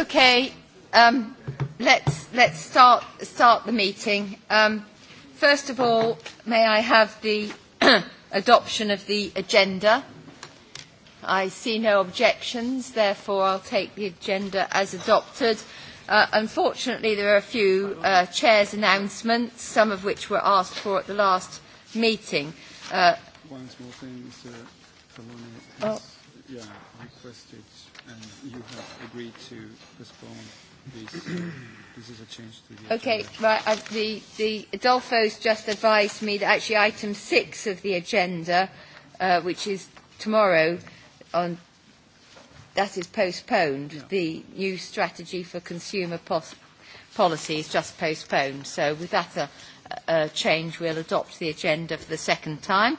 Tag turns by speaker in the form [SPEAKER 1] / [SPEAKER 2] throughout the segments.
[SPEAKER 1] Okay, um, let's, let's start, start the meeting. Um, first of all, may I have the adoption of the agenda? I see no objections, therefore I'll take the agenda as adopted. Uh, unfortunately, there are a few uh, chair's announcements, some of which were asked for at the last meeting. Uh,
[SPEAKER 2] One small thing, Mr. has oh. yeah, requested you have agreed to postpone this. Uh, this is a change to the Okay,
[SPEAKER 1] right. I've, uh, the, the Adolfo's just advised me that actually item six of the agenda, uh, which is tomorrow, on that is postponed. Yeah. The new strategy for consumer pos- policy is just postponed. So with that a, uh, a change, we'll adopt the agenda for the second time.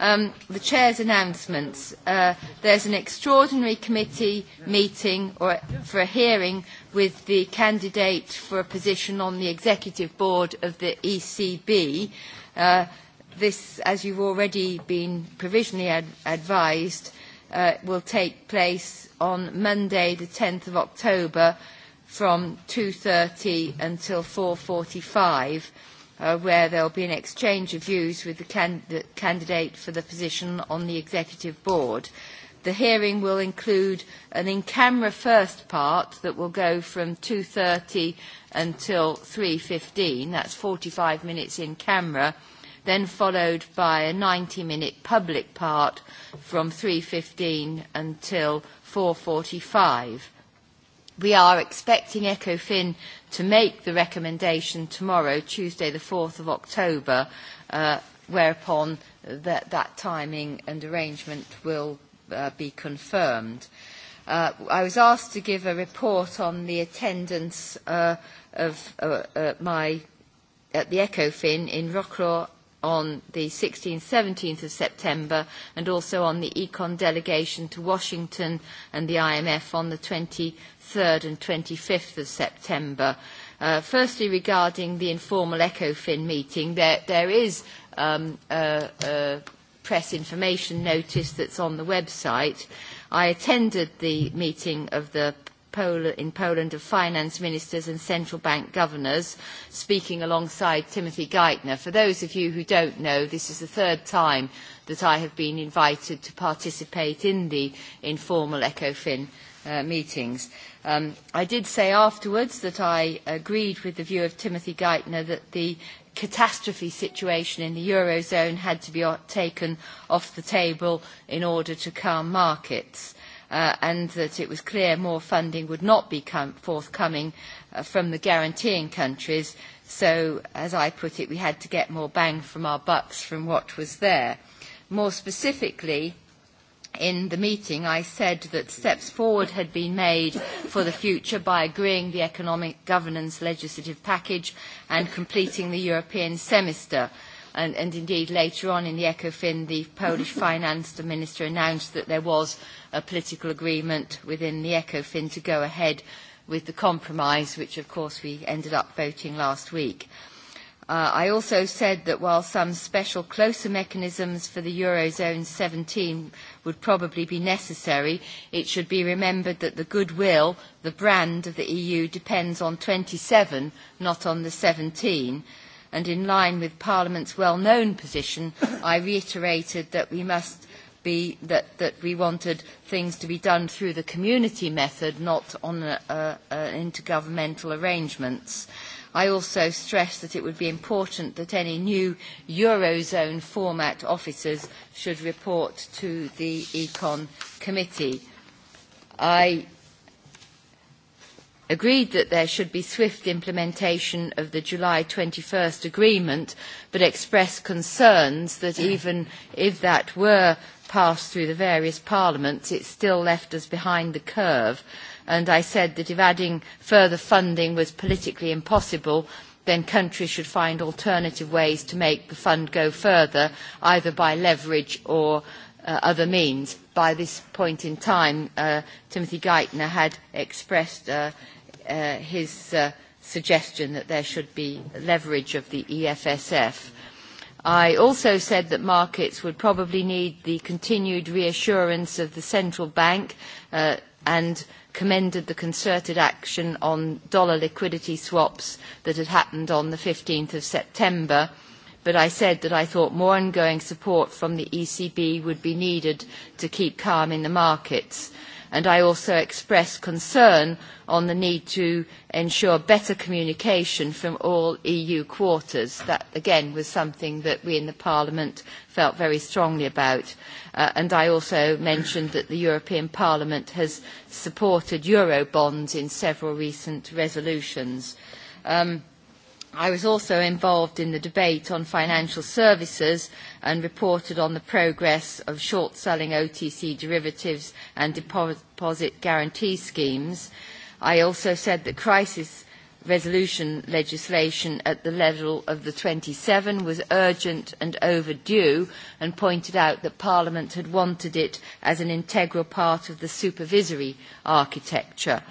[SPEAKER 1] Um, the Chair's announcements. Uh, there's an extraordinary committee meeting or for a hearing with the candidate for a position on the Executive Board of the ECB. Uh, this, as you've already been provisionally ad advised, uh, will take place on Monday, the 10th of October, from 2.30 until 4.45 uh, where there will be an exchange of views with the, can the candidate for the position on the executive board. The hearing will include an in-camera first part that will go from 2.30 until 3.15, that's 45 minutes in camera, then followed by a 90-minute public part from 3.15 until 4.45. We are expecting ECOFIN to make the recommendation tomorrow, Tuesday the 4th of October, uh, whereupon that, that timing and arrangement will uh, be confirmed. Uh, I was asked to give a report on the attendance uh, of uh, uh, my at the ECOFIN in Rockraw on the 16th, 17th of September, and also on the Econ delegation to Washington and the IMF on the 20 3rd and 25th of September. Uh, firstly, regarding the informal ECOFIN meeting, there, there is um, a, a press information notice that's on the website. I attended the meeting of the Pol in Poland of finance ministers and central bank governors, speaking alongside Timothy Geithner. For those of you who don't know, this is the third time that I have been invited to participate in the informal ECOFIN uh, meetings. Um, I did say afterwards that I agreed with the view of Timothy Geithner that the catastrophe situation in the Eurozone had to be taken off the table in order to calm markets. Uh, and that it was clear more funding would not be forthcoming uh, from the guaranteeing countries. So, as I put it, we had to get more bang from our bucks from what was there. More specifically, in the meeting, I said that steps forward had been made for the future by agreeing the economic governance legislative package and completing the European semester. And, and indeed, later on in the ECOFIN, the Polish finance minister announced that there was a political agreement within the ECOFIN to go ahead with the compromise, which of course we ended up voting last week. Uh, I also said that while some special closer mechanisms for the Eurozone 17 would probably be necessary, it should be remembered that the goodwill, the brand of the EU, depends on 27, not on the 17 and in line with Parliament's well-known position, I reiterated that we must be that, that we wanted things to be done through the community method, not on a, a, a intergovernmental arrangements. I also stressed that it would be important that any new Eurozone format officers should report to the Econ Committee. I agreed that there should be swift implementation of the July 21st agreement, but expressed concerns that even if that were passed through the various parliaments, it still left us behind the curve and I said that if adding further funding was politically impossible, then countries should find alternative ways to make the fund go further, either by leverage or uh, other means. By this point in time, uh, Timothy Geithner had expressed uh, uh, his uh, suggestion that there should be leverage of the EFSF. I also said that markets would probably need the continued reassurance of the central bank uh, and commended the concerted action on dollar liquidity swaps that had happened on the 15th of September, but I said that I thought more ongoing support from the ECB would be needed to keep calm in the markets and I also express concern on the need to ensure better communication from all EU quarters. That, again, was something that we in the Parliament felt very strongly about. Uh, and I also mentioned that the European Parliament has supported Eurobonds in several recent resolutions. Um, I was also involved in the debate on financial services and reported on the progress of short-selling OTC derivatives and deposit guarantee schemes. I also said that crisis resolution legislation at the level of the 27 was urgent and overdue and pointed out that Parliament had wanted it as an integral part of the supervisory architecture.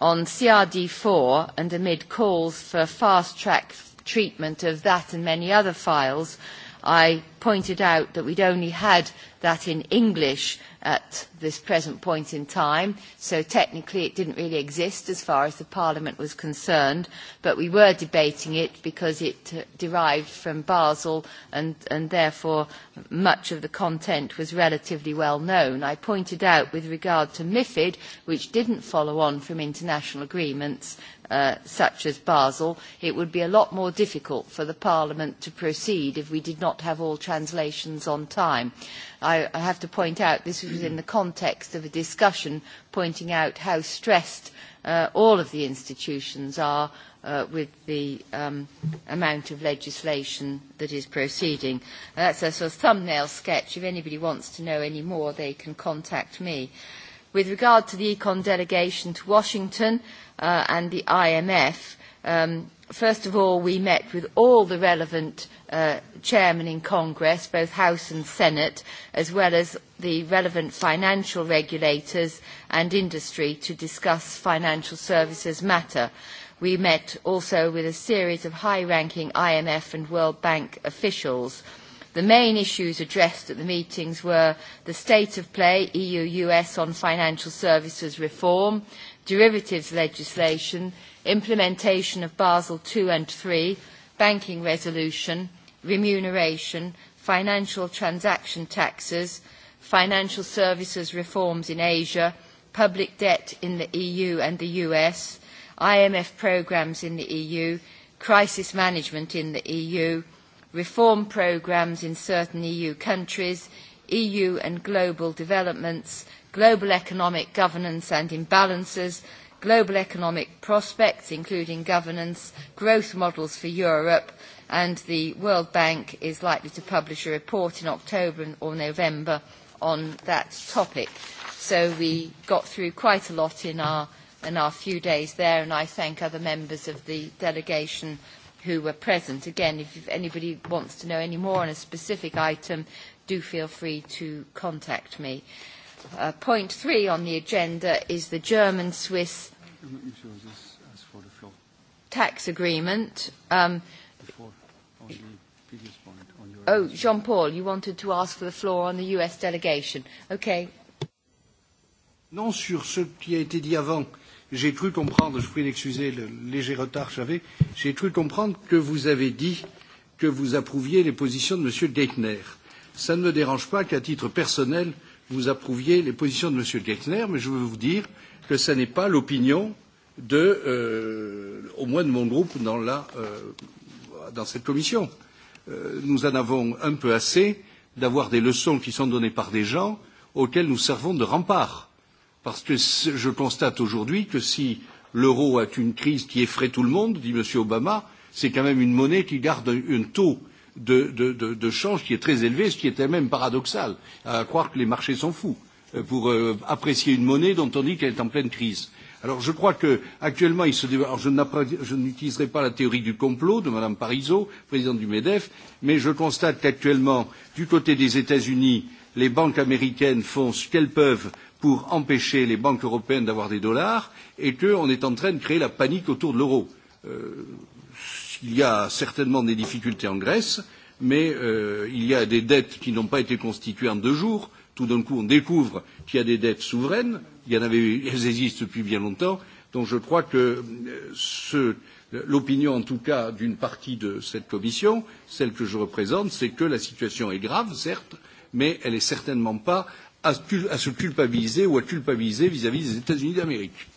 [SPEAKER 1] On CRD4 and amid calls for fast-track treatment of that and many other files, I pointed out that we'd only had that in English at this present point in time, so technically it didn't really exist as far as the Parliament was concerned, but we were debating it because it uh, derived from Basel and, and therefore much of the content was relatively well known. I pointed out with regard to MIFID, which didn't follow on from international agreements, Uh, such as Basel, it would be a lot more difficult for the Parliament to proceed if we did not have all translations on time. I, I have to point out this was in the context of a discussion pointing out how stressed uh, all of the institutions are uh, with the um, amount of legislation that is proceeding. That's a sort of thumbnail sketch. If anybody wants to know any more, they can contact me. Uh, With regard to the ECON delegation to Washington uh, and the IMF, um, first of all, we met with all the relevant uh, chairmen in Congress, both House and Senate, as well as the relevant financial regulators and industry to discuss financial services matter. We met also with a series of high-ranking IMF and World Bank officials. The main issues addressed at the meetings were the state of play EU-US on financial services reform, derivatives legislation, implementation of Basel II and III, banking resolution, remuneration, financial transaction taxes, financial services reforms in Asia, public debt in the EU and the US, IMF programs in the EU, crisis management in the EU, reform programmes in certain EU countries, EU and global developments, global economic governance and imbalances, global economic prospects, including governance, growth models for Europe, and the World Bank is likely to publish a report in October or November on that topic. So we got through quite a lot in our, in our few days there, and I thank other members of the delegation who were present. Again, if anybody wants to know any more on a specific item, do feel free to contact me. Uh, point three on the agenda is the German-Swiss tax agreement. Um, oh, Jean-Paul, you wanted to ask for the floor on the U.S. delegation. Okay.
[SPEAKER 3] Non, sur ce qui a été dit avant, euh, j'ai cru comprendre, je vous prie d'excuser le léger retard que j'avais, j'ai cru comprendre que vous avez dit que vous approuviez les positions de M. Geithner. Ça ne me dérange pas qu'à titre personnel, vous approuviez les positions de M. Geithner, mais je veux vous dire que ce n'est pas l'opinion de, euh, au moins de mon groupe dans, la, euh, dans cette commission. Euh, nous en avons un peu assez d'avoir des leçons qui sont données par des gens auxquels nous servons de rempart. Parce que je constate aujourd'hui que si l'euro a une crise qui effraie tout le monde, dit M. Obama, c'est quand même une monnaie qui garde un, taux de, de, de, de change qui est très élevé, ce qui était même paradoxal, à croire que les marchés sont fous euh, pour euh, apprécier une monnaie dont on dit qu'elle est en pleine crise. Alors je crois qu'actuellement, il se dé... Alors, je n'utiliserai pas la théorie du complot de Mme Parizeau, présidente du MEDEF, mais je constate qu'actuellement, du côté des États-Unis, les banques américaines font ce qu'elles peuvent pour empêcher les banques européennes d'avoir des dollars et qu'on est en train de créer la panique autour de l'euro. Euh, il y a certainement des difficultés en Grèce, mais euh, il y a des dettes qui n'ont pas été constituées en deux jours. Tout d'un coup, on découvre qu'il y a des dettes souveraines. Il y en avait, elles existent depuis bien longtemps. Donc je crois que l'opinion, en tout cas, d'une partie de cette commission, celle que je représente, c'est que la situation est grave, certes, mais elle n'est certainement pas à, se culpabiliser ou à culpabiliser vis à -vis des États-Unis d'Amérique.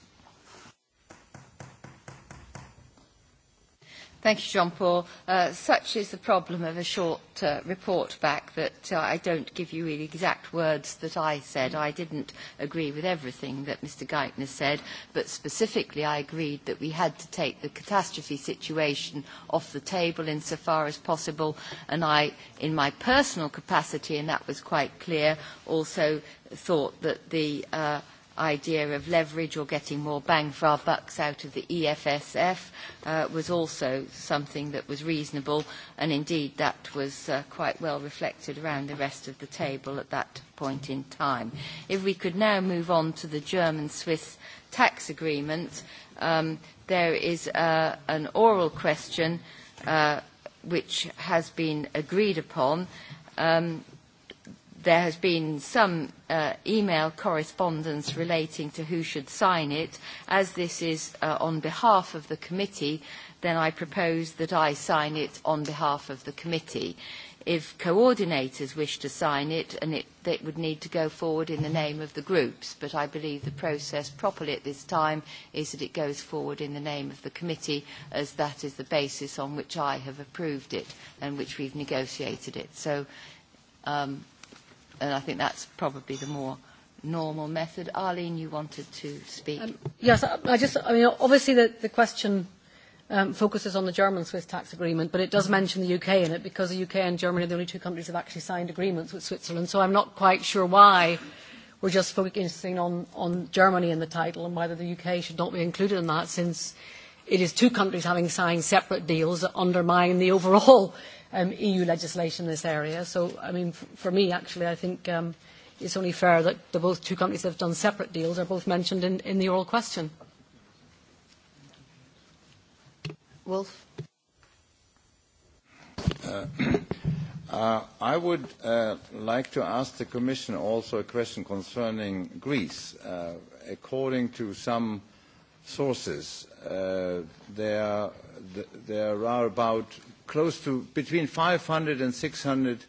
[SPEAKER 1] Thank you, Jean-Paul. Uh, such is the problem of a short uh, report back that uh, I don't give you the exact words that I said. I didn't agree with everything that Mr. Geithner said, but specifically I agreed that we had to take the catastrophe situation off the table insofar as possible, and I, in my personal capacity, and that was quite clear, also thought that the uh, – idea of leverage or getting more bang for our bucks out of the EFSF uh, was also something that was reasonable, and indeed that was uh, quite well reflected around the rest of the table at that point in time. If we could now move on to the German-Swiss tax agreement, um, there is uh, an oral question uh, which has been agreed upon. Um, there has been some uh, email correspondence relating to who should sign it. As this is uh, on behalf of the committee, then I propose that I sign it on behalf of the committee. If coordinators wish to sign it, and it, it would need to go forward in the name of the groups, but I believe the process properly at this time is that it goes forward in the name of the committee, as that is the basis on which I have approved it and which we've negotiated it. So um, and I think that's probably the more normal method. Arlene, you wanted to speak. Um, yes, I, I just, I mean, obviously the, the question um, focuses on the German-Swiss tax agreement, but it does mention the UK in it because the UK and Germany are the only two countries that have actually signed agreements with Switzerland, so I'm not quite sure why we're just focusing on, on Germany in the title and whether the UK should not be included in that since it is two countries having signed separate deals that undermine the overall um, EU legislation in this area. So, I mean, f for me, actually, I think um, it's only fair that the both two companies that have done separate deals are both mentioned in, in the oral question.
[SPEAKER 4] Wolf?
[SPEAKER 5] Uh, uh, I would uh, like to ask the Commission also a question concerning Greece. Uh, according to some sources, uh, there, there are about close to between 500 and 600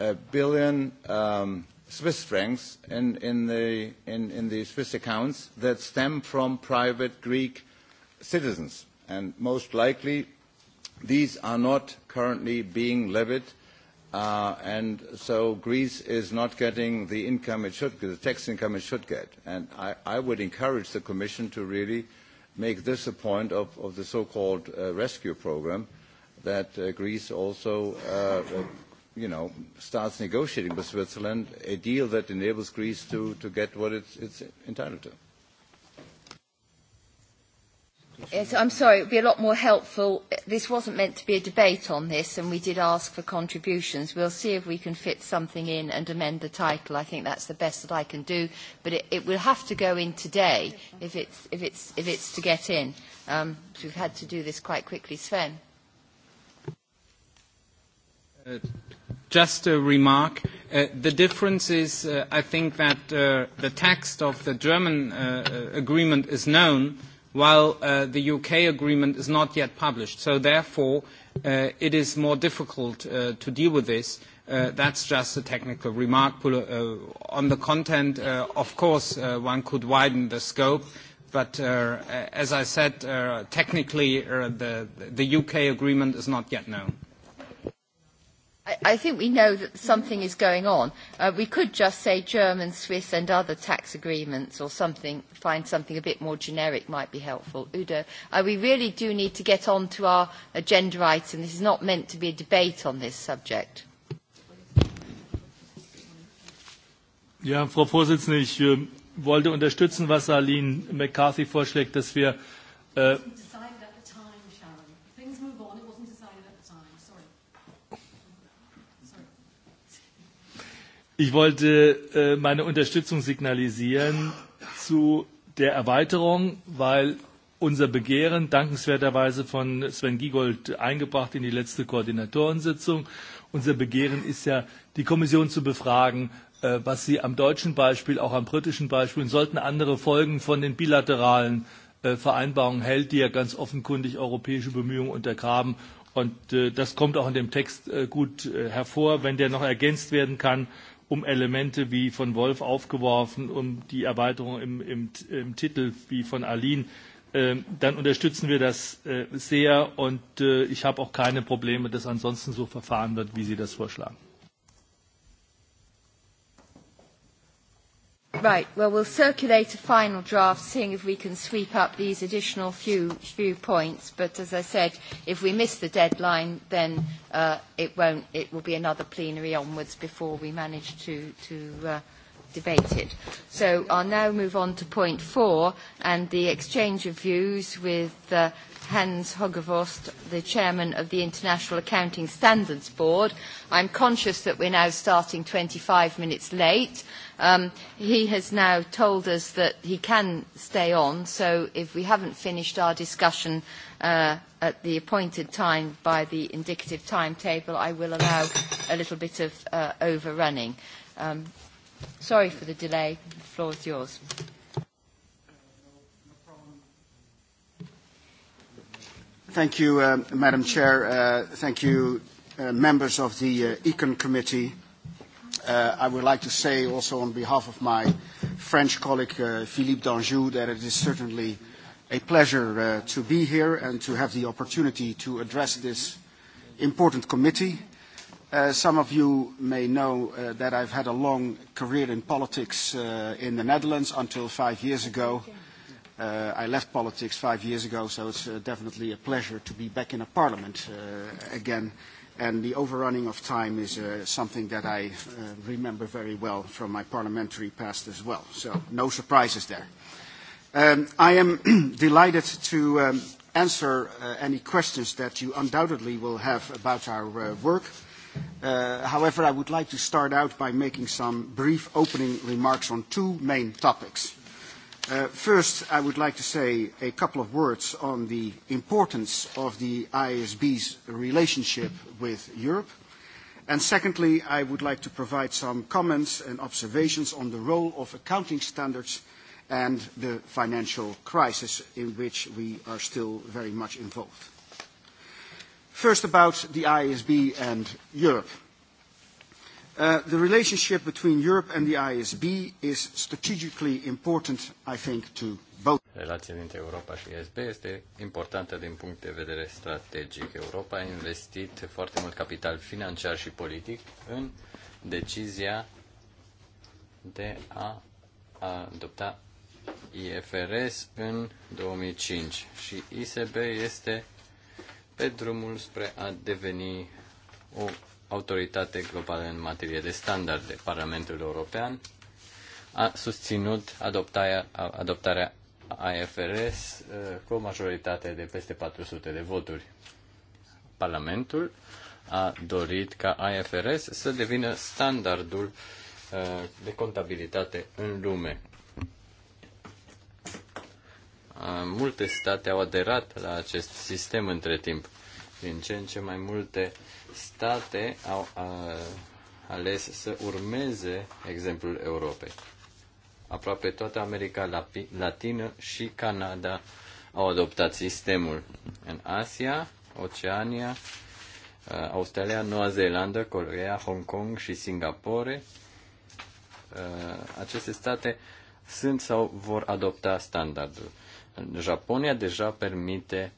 [SPEAKER 5] uh, billion um, Swiss francs in, in, the, in, in the Swiss accounts that stem from private Greek citizens. And most likely, these are not currently being levied Uh, and so Greece is not getting the income it should get, the tax income it should get. And I, I would encourage the Commission to really make this a point of, of the so-called uh, rescue program that uh, Greece also, uh, uh, you know, starts negotiating with Switzerland a deal that enables Greece to, to get what it's, it's entitled to.
[SPEAKER 1] Yes, I'm sorry, it would be a lot more helpful. This wasn't meant to be a debate on this, and we did ask for contributions. We'll see if we can fit something in and amend the title. I think that's the best that I can do, but it, it will have to go in today if it's, if it's, if it's to get in. Um, so we've had to do this quite quickly. Sven?
[SPEAKER 6] just a remark. Uh, the difference is, uh, I think, that uh, the text of the German uh, uh agreement is known, while uh, the UK agreement is not yet published. So therefore, uh, it is more difficult uh, to deal with this. Uh, that's just a technical remark. Uh, on the content, uh, of course, uh, one could widen the scope, but uh, as I said, uh, technically, uh, the, the UK agreement is not yet known.
[SPEAKER 1] I, think we know that something is going on. Uh, we could just say German, Swiss and other tax agreements or something, find something a bit more generic might be helpful. Udo, uh, we really do need to get on to our agenda item. This is not meant to be a debate on this subject.
[SPEAKER 7] Ja, Frau Vorsitzende, ich äh, wollte unterstützen, was Aline McCarthy vorschlägt, dass wir äh, Ich wollte äh, meine Unterstützung signalisieren zu der Erweiterung, weil unser Begehren dankenswerterweise von Sven Giegold eingebracht in die letzte Koordinatorensitzung. Unser Begehren ist ja, die Kommission zu befragen, äh, was sie am deutschen Beispiel, auch am britischen Beispiel und sollten andere Folgen von den bilateralen äh, Vereinbarungen hält, die ja ganz offenkundig europäische Bemühungen untergraben. Und äh, das kommt auch in dem Text äh, gut äh, hervor, wenn der noch ergänzt werden kann um Elemente wie von Wolf aufgeworfen, um die Erweiterung im, im, im Titel wie von Aline, äh, dann unterstützen wir das äh, sehr und äh, ich habe auch keine Probleme, dass ansonsten so verfahren wird, wie Sie das vorschlagen.
[SPEAKER 1] Right, well, we'll circulate a final draft, seeing if we can sweep up these additional few, few points. But as I said, if we miss the deadline, then uh, it won't. It will be another plenary onwards before we manage to, to uh, debate it. So I'll now move on to point four and the exchange of views with uh, Hans Hogevost, the chairman of the International Accounting Standards Board. I'm conscious that we're now starting 25 minutes late Um, he has now told us that he can stay on, so if we haven't finished our discussion uh, at the appointed time by the indicative timetable, I will allow a little bit of uh, overrunning. Um, sorry for the delay. The floor is yours.
[SPEAKER 2] Thank you, uh, Madam Chair. Uh, thank you, uh, members of the uh, Econ Committee Uh, I would like to say also on behalf of my French colleague uh, Philippe d'Anjou that it is certainly a pleasure uh, to be here and to have the opportunity to address this important committee. Uh, some of you may know uh, that I've had a long career in politics uh, in the Netherlands until five years ago. I left politics five years ago, so it's definitely a pleasure to be back in a parliament again And the overrunning of time is uh, something that I uh, remember very well from my parliamentary past as well. So no surprises there. Um, I am delighted to um, answer uh, any questions that you undoubtedly will have about our uh, work. Uh, however, I would like to start out by making some brief opening remarks on two main topics. Uh, first, I would like to say a couple of words on the importance of the ISB's relationship with Europe. And secondly, I would like to provide some comments and observations on the role of accounting standards and the financial crisis in which we are still very much involved. First, about the ISB and Europe. Uh, the relationship between Europe and the ISB is
[SPEAKER 4] strategically important, I think, to both. Relația dintre Europa și ISB este importantă din punct de vedere strategic. Europa a investit foarte mult capital financiar și politic în decizia de a adopta IFRS în 2005 și ISB este pe drumul spre a deveni o autoritate globală în materie de standarde. Parlamentul European a susținut adoptarea, adoptarea AFRS uh, cu o majoritate de peste 400 de voturi. Parlamentul a dorit ca AFRS să devină standardul uh, de contabilitate în lume. Uh, multe state au aderat la acest sistem între timp. Din ce în ce mai multe state au a, ales să urmeze exemplul Europei. Aproape toată America Latină și Canada au adoptat sistemul. În Asia, Oceania, Australia, Noua Zeelandă, Corea, Hong Kong și Singapore. Aceste state sunt sau vor adopta standardul. Japonia deja permite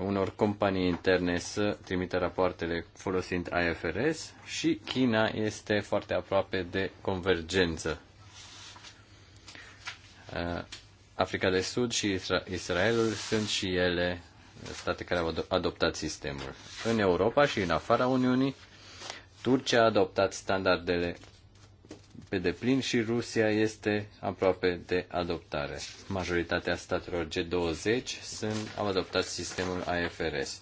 [SPEAKER 4] unor companii interne să trimită rapoartele folosind IFRS și China este foarte aproape de convergență. Uh, Africa de Sud și Israelul sunt și ele state care au adoptat sistemul. În Europa și în afara Uniunii, Turcia a adoptat standardele pe deplin și Rusia este aproape de adoptare. Majoritatea statelor G20 sunt, au adoptat sistemul AFRS.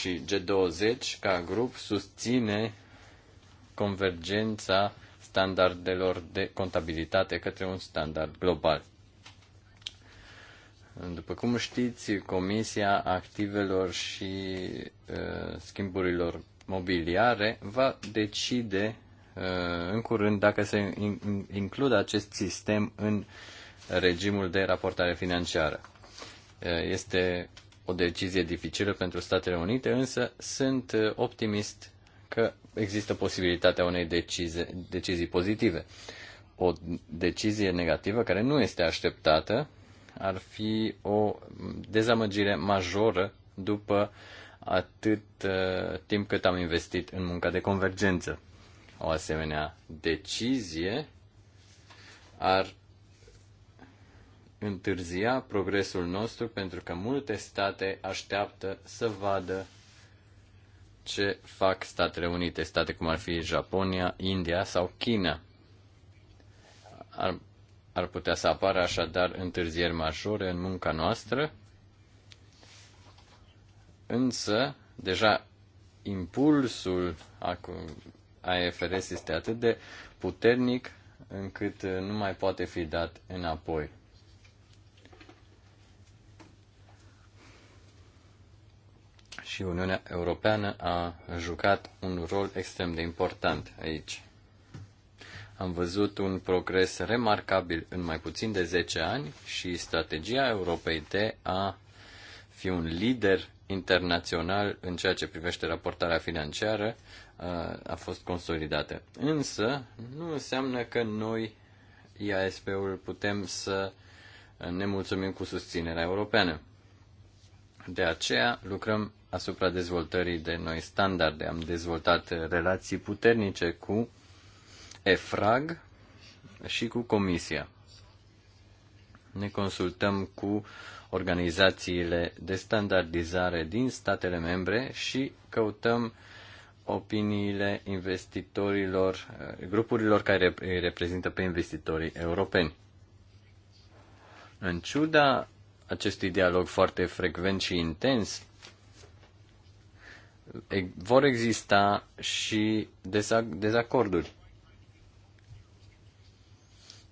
[SPEAKER 4] Și G20, ca grup, susține convergența standardelor de contabilitate către un standard global. După cum știți, Comisia Activelor și uh, Schimburilor Mobiliare va decide Uh, în curând dacă se includă acest sistem în regimul de raportare financiară. Uh, este o decizie dificilă pentru Statele Unite, însă sunt uh, optimist că există posibilitatea unei decizie, decizii pozitive. O decizie negativă care nu este așteptată ar fi o dezamăgire majoră după atât timp cât am investit în munca de convergență o asemenea decizie ar întârzia progresul nostru pentru că multe state așteaptă să vadă ce fac Statele Unite, state cum ar fi Japonia, India sau China. Ar, ar putea să apară așadar întârzieri majore în munca noastră, însă deja impulsul acum, AFRS este atât de puternic încât uh, nu mai poate fi dat înapoi. Și Uniunea Europeană a jucat un rol extrem de important aici. Am văzut un progres remarcabil în mai puțin de 10 ani și strategia Europei de a fi un lider internațional în ceea ce privește raportarea financiară a fost consolidată. Însă, nu înseamnă că noi, IASP-ul, putem să ne mulțumim cu susținerea europeană. De aceea lucrăm asupra dezvoltării de noi standarde. Am dezvoltat relații puternice cu EFRAG și cu Comisia. Ne consultăm cu organizațiile de standardizare din statele membre și căutăm uh, opiniile investitorilor, eh, grupurilor care îi reprezintă pe investitorii europeni. În ciuda acestui dialog foarte frecvent și intens, vor exista și dezacorduri.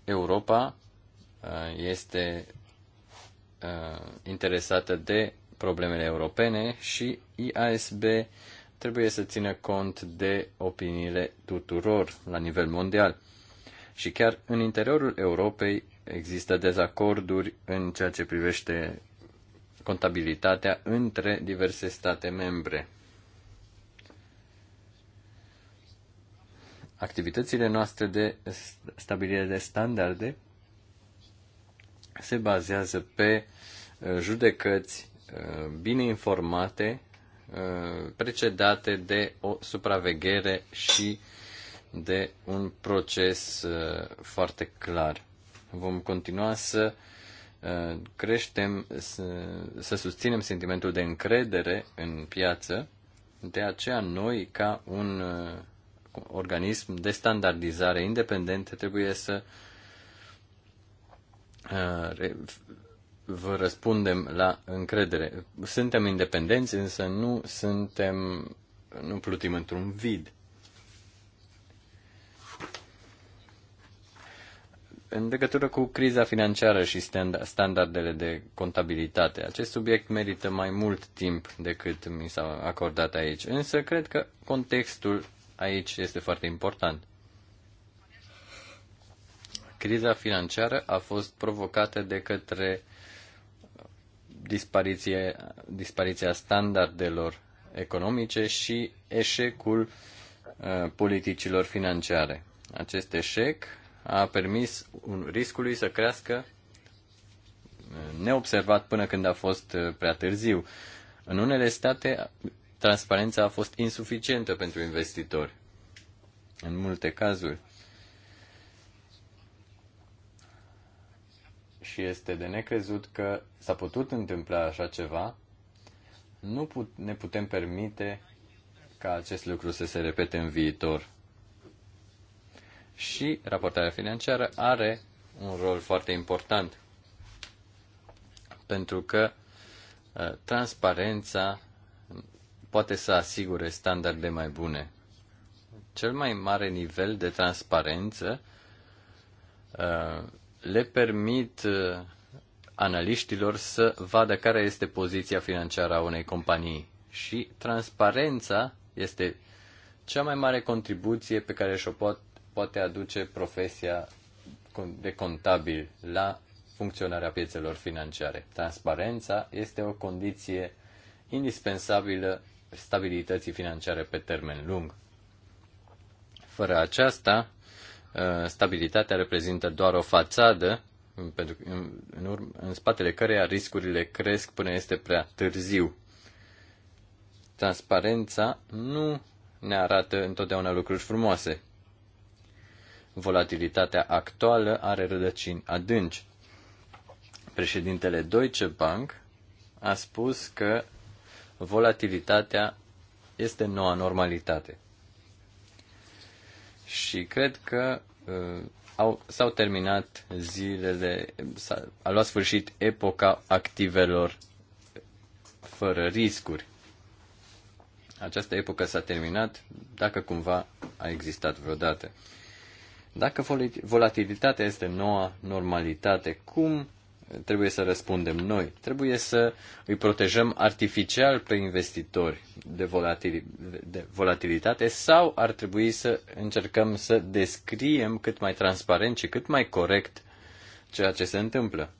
[SPEAKER 4] Europa eh, este eh, interesată de problemele europene și IASB trebuie să țină cont de opiniile tuturor la nivel mondial. Și chiar în interiorul Europei există dezacorduri în ceea ce privește contabilitatea între diverse state membre. Activitățile noastre de stabilire de standarde se bazează pe uh, judecăți uh, bine informate Uh, precedate de o supraveghere și de un proces uh, foarte clar. Vom continua să uh, creștem, să, susținem sentimentul de încredere în piață, de aceea noi, ca un organism de standardizare independent, trebuie să vă răspundem la încredere. Suntem independenți, însă nu suntem, nu plutim într-un vid. În legătură cu criza financiară și standardele de contabilitate, acest subiect merită mai mult timp decât mi s-a acordat aici, însă cred că contextul aici este foarte important criza financiară a fost provocată de către dispariție, dispariția standardelor economice și eșecul uh, politicilor financiare. Acest eșec a permis un riscului să crească uh, neobservat până când a fost uh, prea târziu. În unele state, transparența a fost insuficientă pentru investitori. În multe cazuri, și este de necrezut că s-a putut întâmpla așa ceva, nu put, ne putem permite ca acest lucru să se repete în viitor. Și raportarea financiară are un rol foarte important, pentru că uh, transparența poate să asigure standarde mai bune. Cel mai mare nivel de transparență uh, le permit uh, analiștilor să vadă care este poziția financiară a unei companii. Și transparența este cea mai mare contribuție pe care și-o pot, poate aduce profesia de contabil la funcționarea piețelor financiare. Transparența este o condiție indispensabilă stabilității financiare pe termen lung. Fără aceasta, Uh, stabilitatea reprezintă doar o fațadă um, pentru, în, um, în, urm, în spatele căreia riscurile cresc până este prea târziu. Transparența nu ne arată întotdeauna lucruri frumoase. Volatilitatea actuală are rădăcini adânci. Președintele Deutsche Bank a spus că volatilitatea este noua normalitate și cred că uh, au, s-au terminat zilele, s-a, a luat sfârșit epoca activelor fără riscuri. Această epocă s-a terminat dacă cumva a existat vreodată. Dacă volatilitatea este noua normalitate, cum trebuie să răspundem noi. Trebuie să îi protejăm artificial pe investitori de, volatil, de volatilitate sau ar trebui să încercăm să descriem cât mai transparent și cât mai corect ceea ce se întâmplă.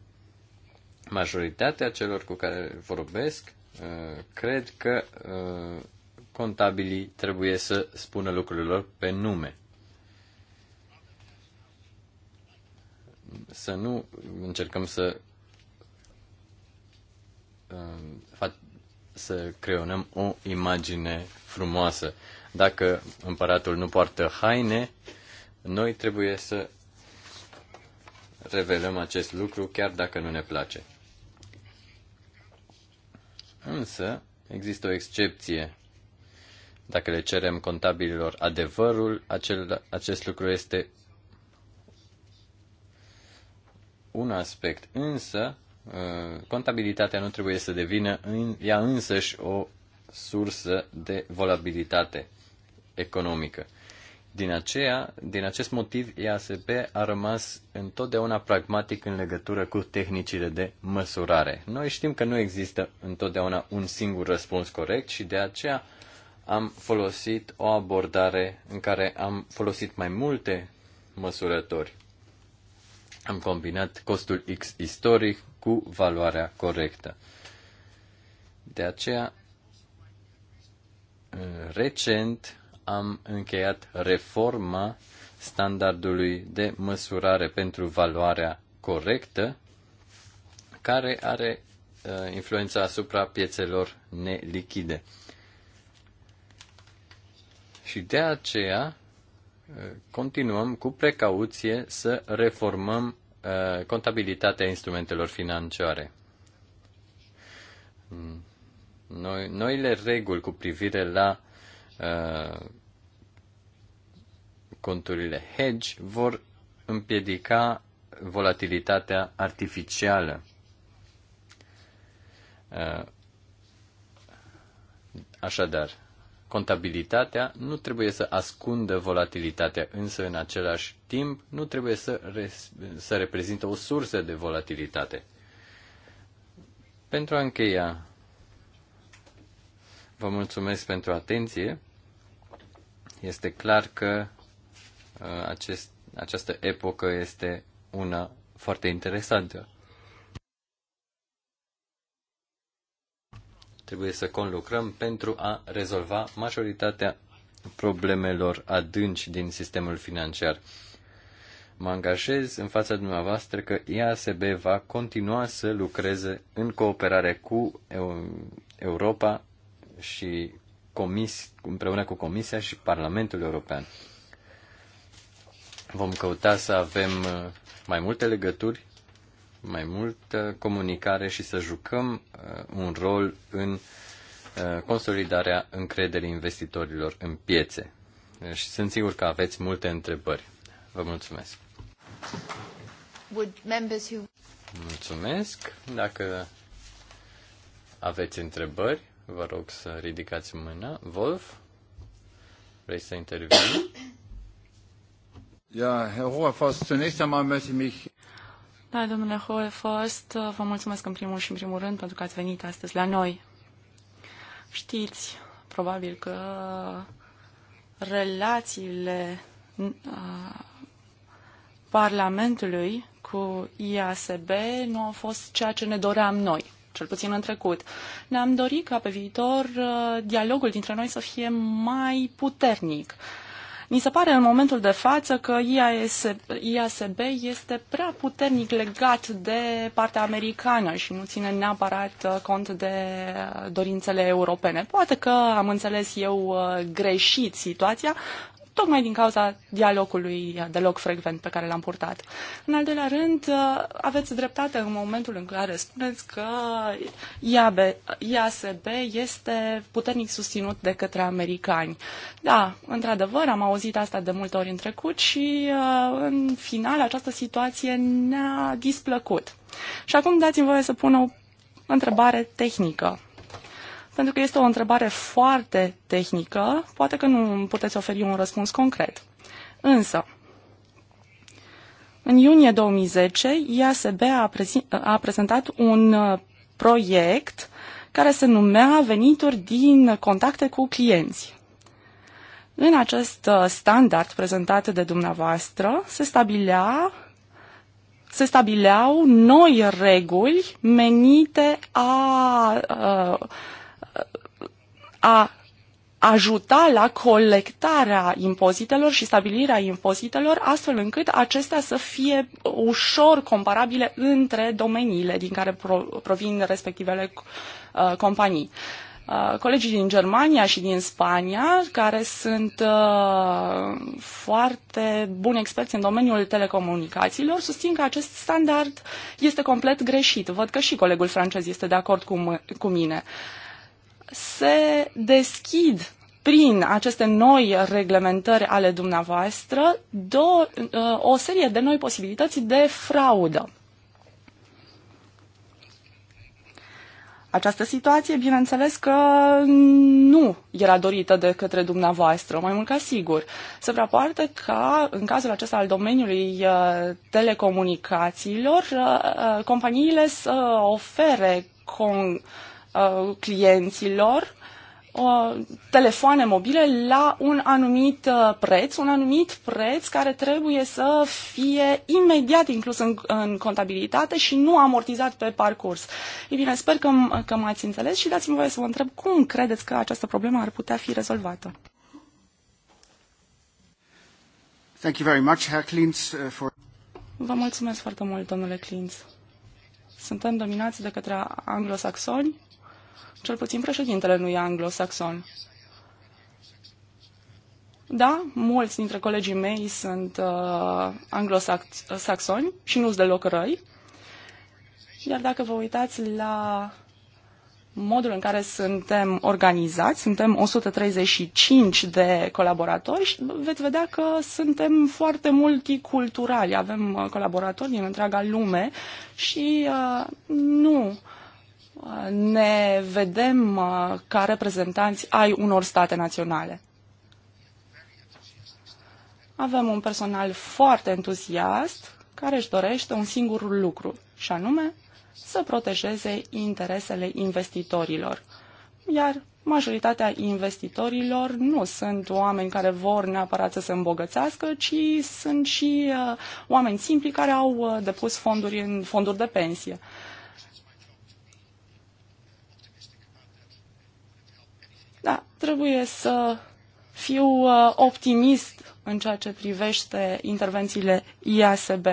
[SPEAKER 4] Majoritatea celor cu care vorbesc uh, cred că uh, contabilii trebuie să spună lucrurilor pe nume. să nu încercăm să um, să creionăm o imagine frumoasă. Dacă împăratul nu poartă haine, noi trebuie să revelăm acest lucru chiar dacă nu ne place. Însă, există o excepție. Dacă le cerem contabililor adevărul, acel, acest lucru este un aspect, însă uh, contabilitatea nu trebuie să devină în ea însăși o sursă de volabilitate economică. Din, aceea, din acest motiv, EASP a rămas întotdeauna pragmatic în legătură cu tehnicile de măsurare. Noi știm că nu există întotdeauna un singur răspuns corect și de aceea am folosit o abordare în care am folosit mai multe măsurători. Am combinat costul X istoric cu valoarea corectă. De aceea, recent am încheiat reforma standardului de măsurare pentru valoarea corectă, care are uh, influența asupra piețelor nelichide. Și de aceea continuăm cu precauție să reformăm uh, contabilitatea instrumentelor financiare. Noi, noile reguli cu privire la uh, conturile hedge vor împiedica volatilitatea artificială. Uh, așadar, Contabilitatea nu trebuie să ascundă volatilitatea, însă în același timp nu trebuie să, să reprezintă o sursă de volatilitate. Pentru a încheia, vă mulțumesc pentru atenție. Este clar că uh, acest, această epocă este una foarte interesantă. Trebuie să conlucrăm pentru a rezolva majoritatea problemelor adânci din sistemul financiar. Mă angajez în fața dumneavoastră că IASB va continua să lucreze în cooperare cu Europa și comis, împreună cu Comisia și Parlamentul European. Vom căuta să avem uh, mai multe legături mai multă comunicare și să jucăm uh, un rol în uh, consolidarea încrederii investitorilor în piețe. Uh, și sunt sigur că aveți multe întrebări. Vă mulțumesc. Mulțumesc. Dacă aveți întrebări, vă rog să ridicați mâna. Wolf, vrei să intervii?
[SPEAKER 5] Ja, Herr Hoher, zunächst einmal möchte ich mich
[SPEAKER 8] da, domnule Hoefost, vă mulțumesc în primul și în primul rând pentru că ați venit astăzi la noi. Știți, probabil că relațiile uh, Parlamentului cu IASB nu au fost ceea ce ne doream noi, cel puțin în trecut. Ne-am dorit ca pe viitor uh, dialogul dintre noi să fie mai puternic. Mi se pare în momentul de față că IASB este prea puternic legat de partea americană și nu ține neapărat uh, cont de uh, dorințele europene. Poate că am înțeles eu uh, greșit situația, tocmai din cauza dialogului deloc frecvent pe care l-am purtat. În al doilea rând, uh, aveți dreptate în momentul în care spuneți că IAB, IASB este puternic susținut de către americani. Da, într-adevăr, am auzit asta de multe ori în trecut și uh, în final această situație ne-a displăcut. Și acum dați-mi voie să pun o întrebare tehnică pentru că este o întrebare foarte tehnică, poate că nu puteți oferi un răspuns concret. Însă, în iunie 2010, IASB a, prezi- a prezentat un uh, proiect care se numea Venituri din contacte cu clienți. În acest uh, standard prezentat de dumneavoastră se stabilea se stabileau noi reguli menite a uh, a ajuta la colectarea impozitelor și stabilirea impozitelor, astfel încât acestea să fie ușor comparabile între domeniile din care provin respectivele uh, companii. Uh, colegii din Germania și din Spania, care sunt uh, foarte buni experți în domeniul telecomunicațiilor, susțin că acest standard este complet greșit. Văd că și colegul francez este de acord cu, mine se deschid prin aceste noi reglementări ale dumneavoastră do- uh, o serie de noi posibilități de fraudă. Această situație, bineînțeles că nu era dorită de către dumneavoastră, mai mult ca sigur. Se prea poartă ca, în cazul acesta al domeniului uh, telecomunicațiilor, uh, companiile să ofere con- Uh, clienților uh, telefoane mobile la un anumit uh, preț, un anumit preț care trebuie să fie imediat inclus în, în contabilitate și nu amortizat pe parcurs. Ei bine, sper că, că m-ați înțeles și dați-mi voie să vă întreb cum credeți că această problemă ar putea fi rezolvată.
[SPEAKER 2] Thank you very much, Herr Klintz, for... Vă
[SPEAKER 8] mulțumesc foarte mult, domnule Klintz. Suntem dominați de către anglosaxoni cel puțin președintele nu e anglosaxon. Da, mulți dintre colegii mei sunt uh, anglosaxoni și nu sunt deloc răi. Iar dacă vă uitați la modul în care suntem organizați, suntem 135 de colaboratori și veți vedea că suntem foarte multiculturali. Avem uh, colaboratori din întreaga lume și uh, nu ne vedem uh, ca reprezentanți ai unor state naționale. Avem un personal foarte entuziast care își dorește un singur lucru, și anume să protejeze interesele investitorilor. Iar majoritatea investitorilor nu sunt oameni care vor neapărat să se îmbogățească, ci sunt și uh, oameni simpli care au uh, depus fonduri în fonduri de pensie. Uh, Trebuie să fiu uh, optimist în ceea ce privește intervențiile IASB.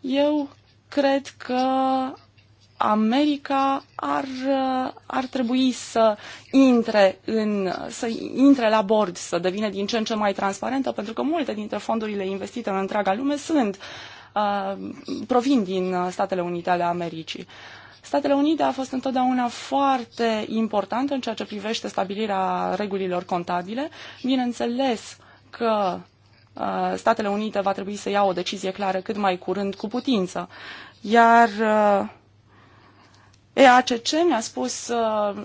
[SPEAKER 8] Eu cred că America ar, uh, ar trebui să intre, în, să intre la bord, să devină din ce în ce mai transparentă, pentru că multe dintre fondurile investite în întreaga lume sunt, uh, provin din uh, Statele Unite ale Americii. Uh, Statele Unite a fost întotdeauna foarte importantă în ceea ce privește stabilirea regulilor contabile. Bineînțeles că uh, Statele Unite va trebui să ia o decizie clară cât mai curând cu putință. Iar uh, EACC mi-a spus uh,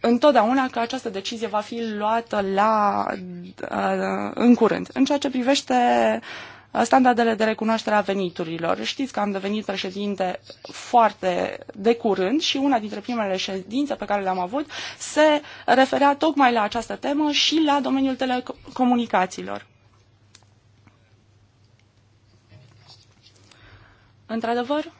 [SPEAKER 8] întotdeauna că această decizie va fi luată la, în curând. În ceea ce privește standardele de recunoaștere a veniturilor. Știți că am devenit președinte foarte de curând și una dintre primele ședințe pe care le-am avut se referea tocmai la această temă și la domeniul telecomunicațiilor. Într-adevăr,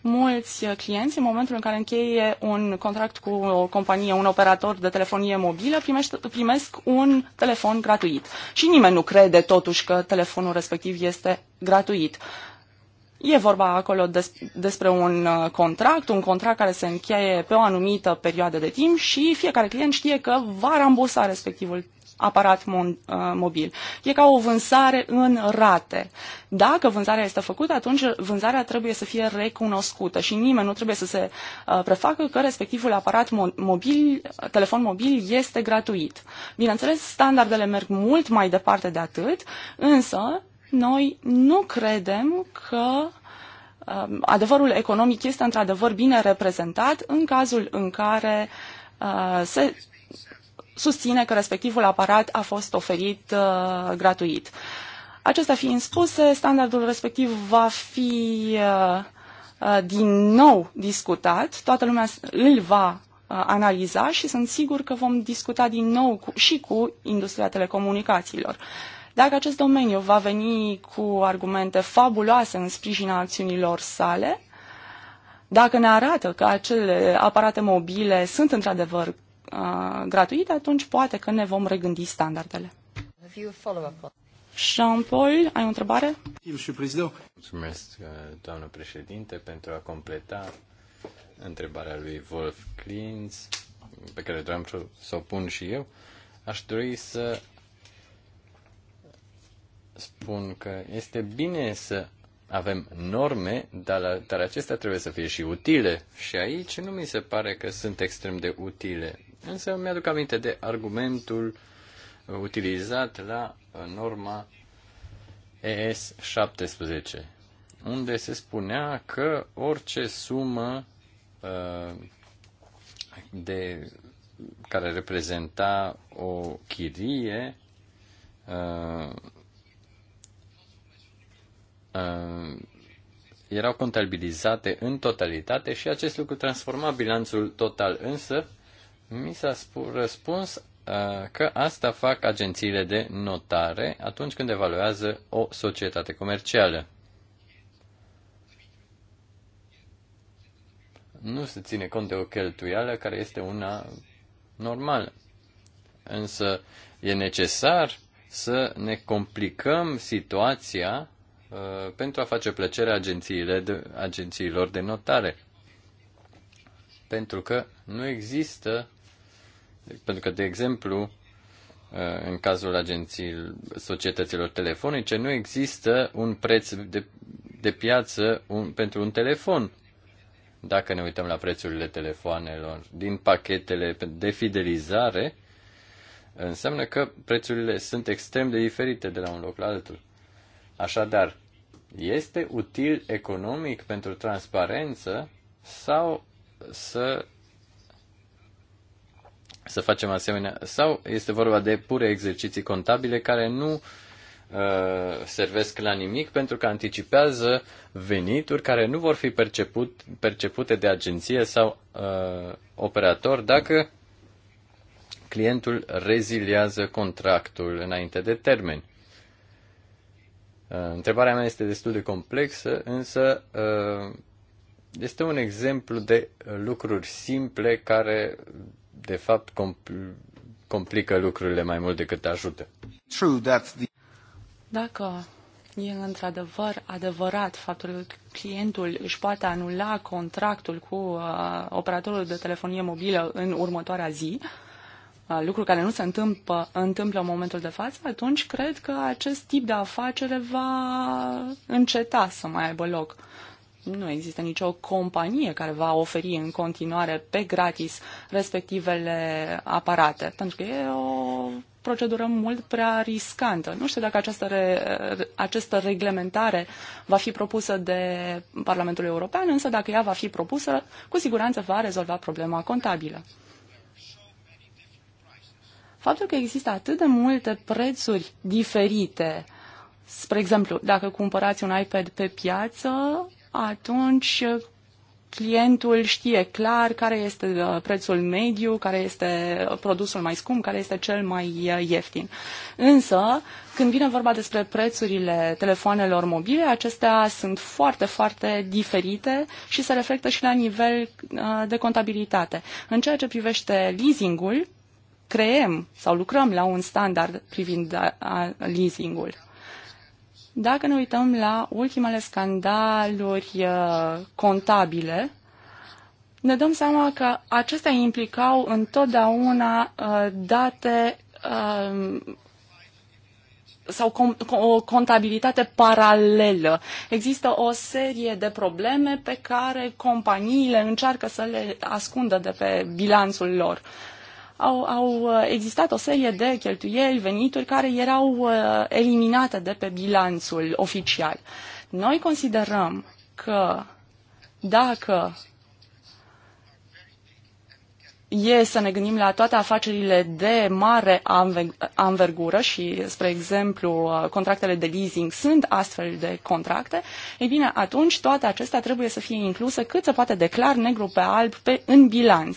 [SPEAKER 8] Mulți clienți, în momentul în care încheie un contract cu o companie, un operator de telefonie mobilă, primește, primesc un telefon gratuit. Și nimeni nu crede totuși că telefonul respectiv este gratuit. E vorba acolo des, despre un uh, contract, un contract care se încheie pe o anumită perioadă de timp și fiecare client știe că va rambursa respectivul aparat mon, uh, mobil. E ca o vânzare în rate. Dacă vânzarea este făcută, atunci vânzarea trebuie să fie recunoscută și nimeni nu trebuie să se uh, prefacă că respectivul aparat mo- mobil, telefon mobil este gratuit. Bineînțeles, standardele merg mult mai departe de atât, însă noi nu credem că uh, adevărul economic este într-adevăr bine reprezentat în cazul în care uh, se susține că respectivul aparat a fost oferit uh, gratuit. Acestea fiind spuse, standardul respectiv va fi uh, uh, din nou discutat, toată lumea îl va uh, analiza și sunt sigur că vom discuta din nou cu, și cu industria telecomunicațiilor. Dacă acest domeniu va veni cu argumente fabuloase în sprijina acțiunilor sale, dacă ne arată că acele aparate mobile sunt într-adevăr uh, gratuite, atunci poate că ne vom regândi standardele. Jean-Paul, ai o întrebare?
[SPEAKER 4] Mulțumesc, uh, doamnă președinte, pentru a completa întrebarea lui Wolf Klintz, pe care vreau să o pun și eu. Aș dori să spun că este bine să avem norme, dar, dar acestea trebuie să fie și utile. Și aici nu mi se pare că sunt extrem de utile. Însă mi-aduc aminte de argumentul utilizat la norma ES 17, unde se spunea că orice sumă uh, de, care reprezenta o chirie uh, uh, erau contabilizate în totalitate și acest lucru transforma bilanțul total. Însă, mi s-a răspuns uh, că asta fac agențiile de notare atunci când evaluează o societate comercială. Nu se ține cont de o cheltuială care este una normală. Însă e necesar să ne complicăm situația uh, pentru a face plăcere agențiile de, agențiilor de notare. Pentru că nu există pentru că, de exemplu, uh, în cazul agențiilor societăților telefonice, nu există un preț de, de piață un, pentru un telefon. Dacă ne uităm la prețurile telefoanelor din pachetele de fidelizare, înseamnă că prețurile sunt extrem de diferite de la un loc la altul. Așadar, este util economic pentru transparență sau să să facem asemenea, sau este vorba de pure exerciții contabile care nu uh, servesc la nimic pentru că anticipează venituri care nu vor fi perceput, percepute de agenție sau uh, operator dacă clientul reziliază contractul înainte de termen. Uh, întrebarea mea este destul de complexă, însă uh, este un exemplu de lucruri simple care de fapt, compl- complică lucrurile mai mult decât ajută. True, that's the...
[SPEAKER 8] Dacă e într-adevăr adevărat faptul că clientul își poate anula contractul cu uh, operatorul de telefonie mobilă în următoarea zi, uh, lucru care nu se întâmplă, întâmplă în momentul de față, atunci cred că acest tip de afacere va înceta să mai aibă loc nu există nicio companie care va oferi în continuare pe gratis respectivele aparate, pentru că e o procedură mult prea riscantă. Nu știu dacă această, re, această reglementare va fi propusă de Parlamentul European, însă dacă ea va fi propusă, cu siguranță va rezolva problema contabilă. Faptul că există atât de multe prețuri diferite, spre exemplu, dacă cumpărați un iPad pe piață, atunci uh, clientul știe clar care este uh, prețul mediu, care este uh, produsul mai scump, care este cel mai ieftin. Însă, când vine vorba despre prețurile telefoanelor mobile, acestea sunt foarte, foarte diferite și se reflectă și la nivel de contabilitate. În ceea ce privește leasingul, creăm sau lucrăm la un standard privind leasingul. Dacă ne uităm la ultimele scandaluri uh, contabile, ne dăm seama că acestea implicau întotdeauna uh, date um, sau o contabilitate paralelă. Există o serie de probleme pe care companiile încearcă să le ascundă de pe bilanțul lor. Uh, au, au uh, existat o serie de cheltuieli, venituri care erau uh, eliminate de pe bilanțul oficial. Noi considerăm că dacă e să ne gândim la toate afacerile de mare anvergură și, spre exemplu, uh, contractele de leasing sunt astfel de contracte, e bine, atunci toate acestea trebuie să fie incluse cât se poate declar negru pe alb pe, în bilanț.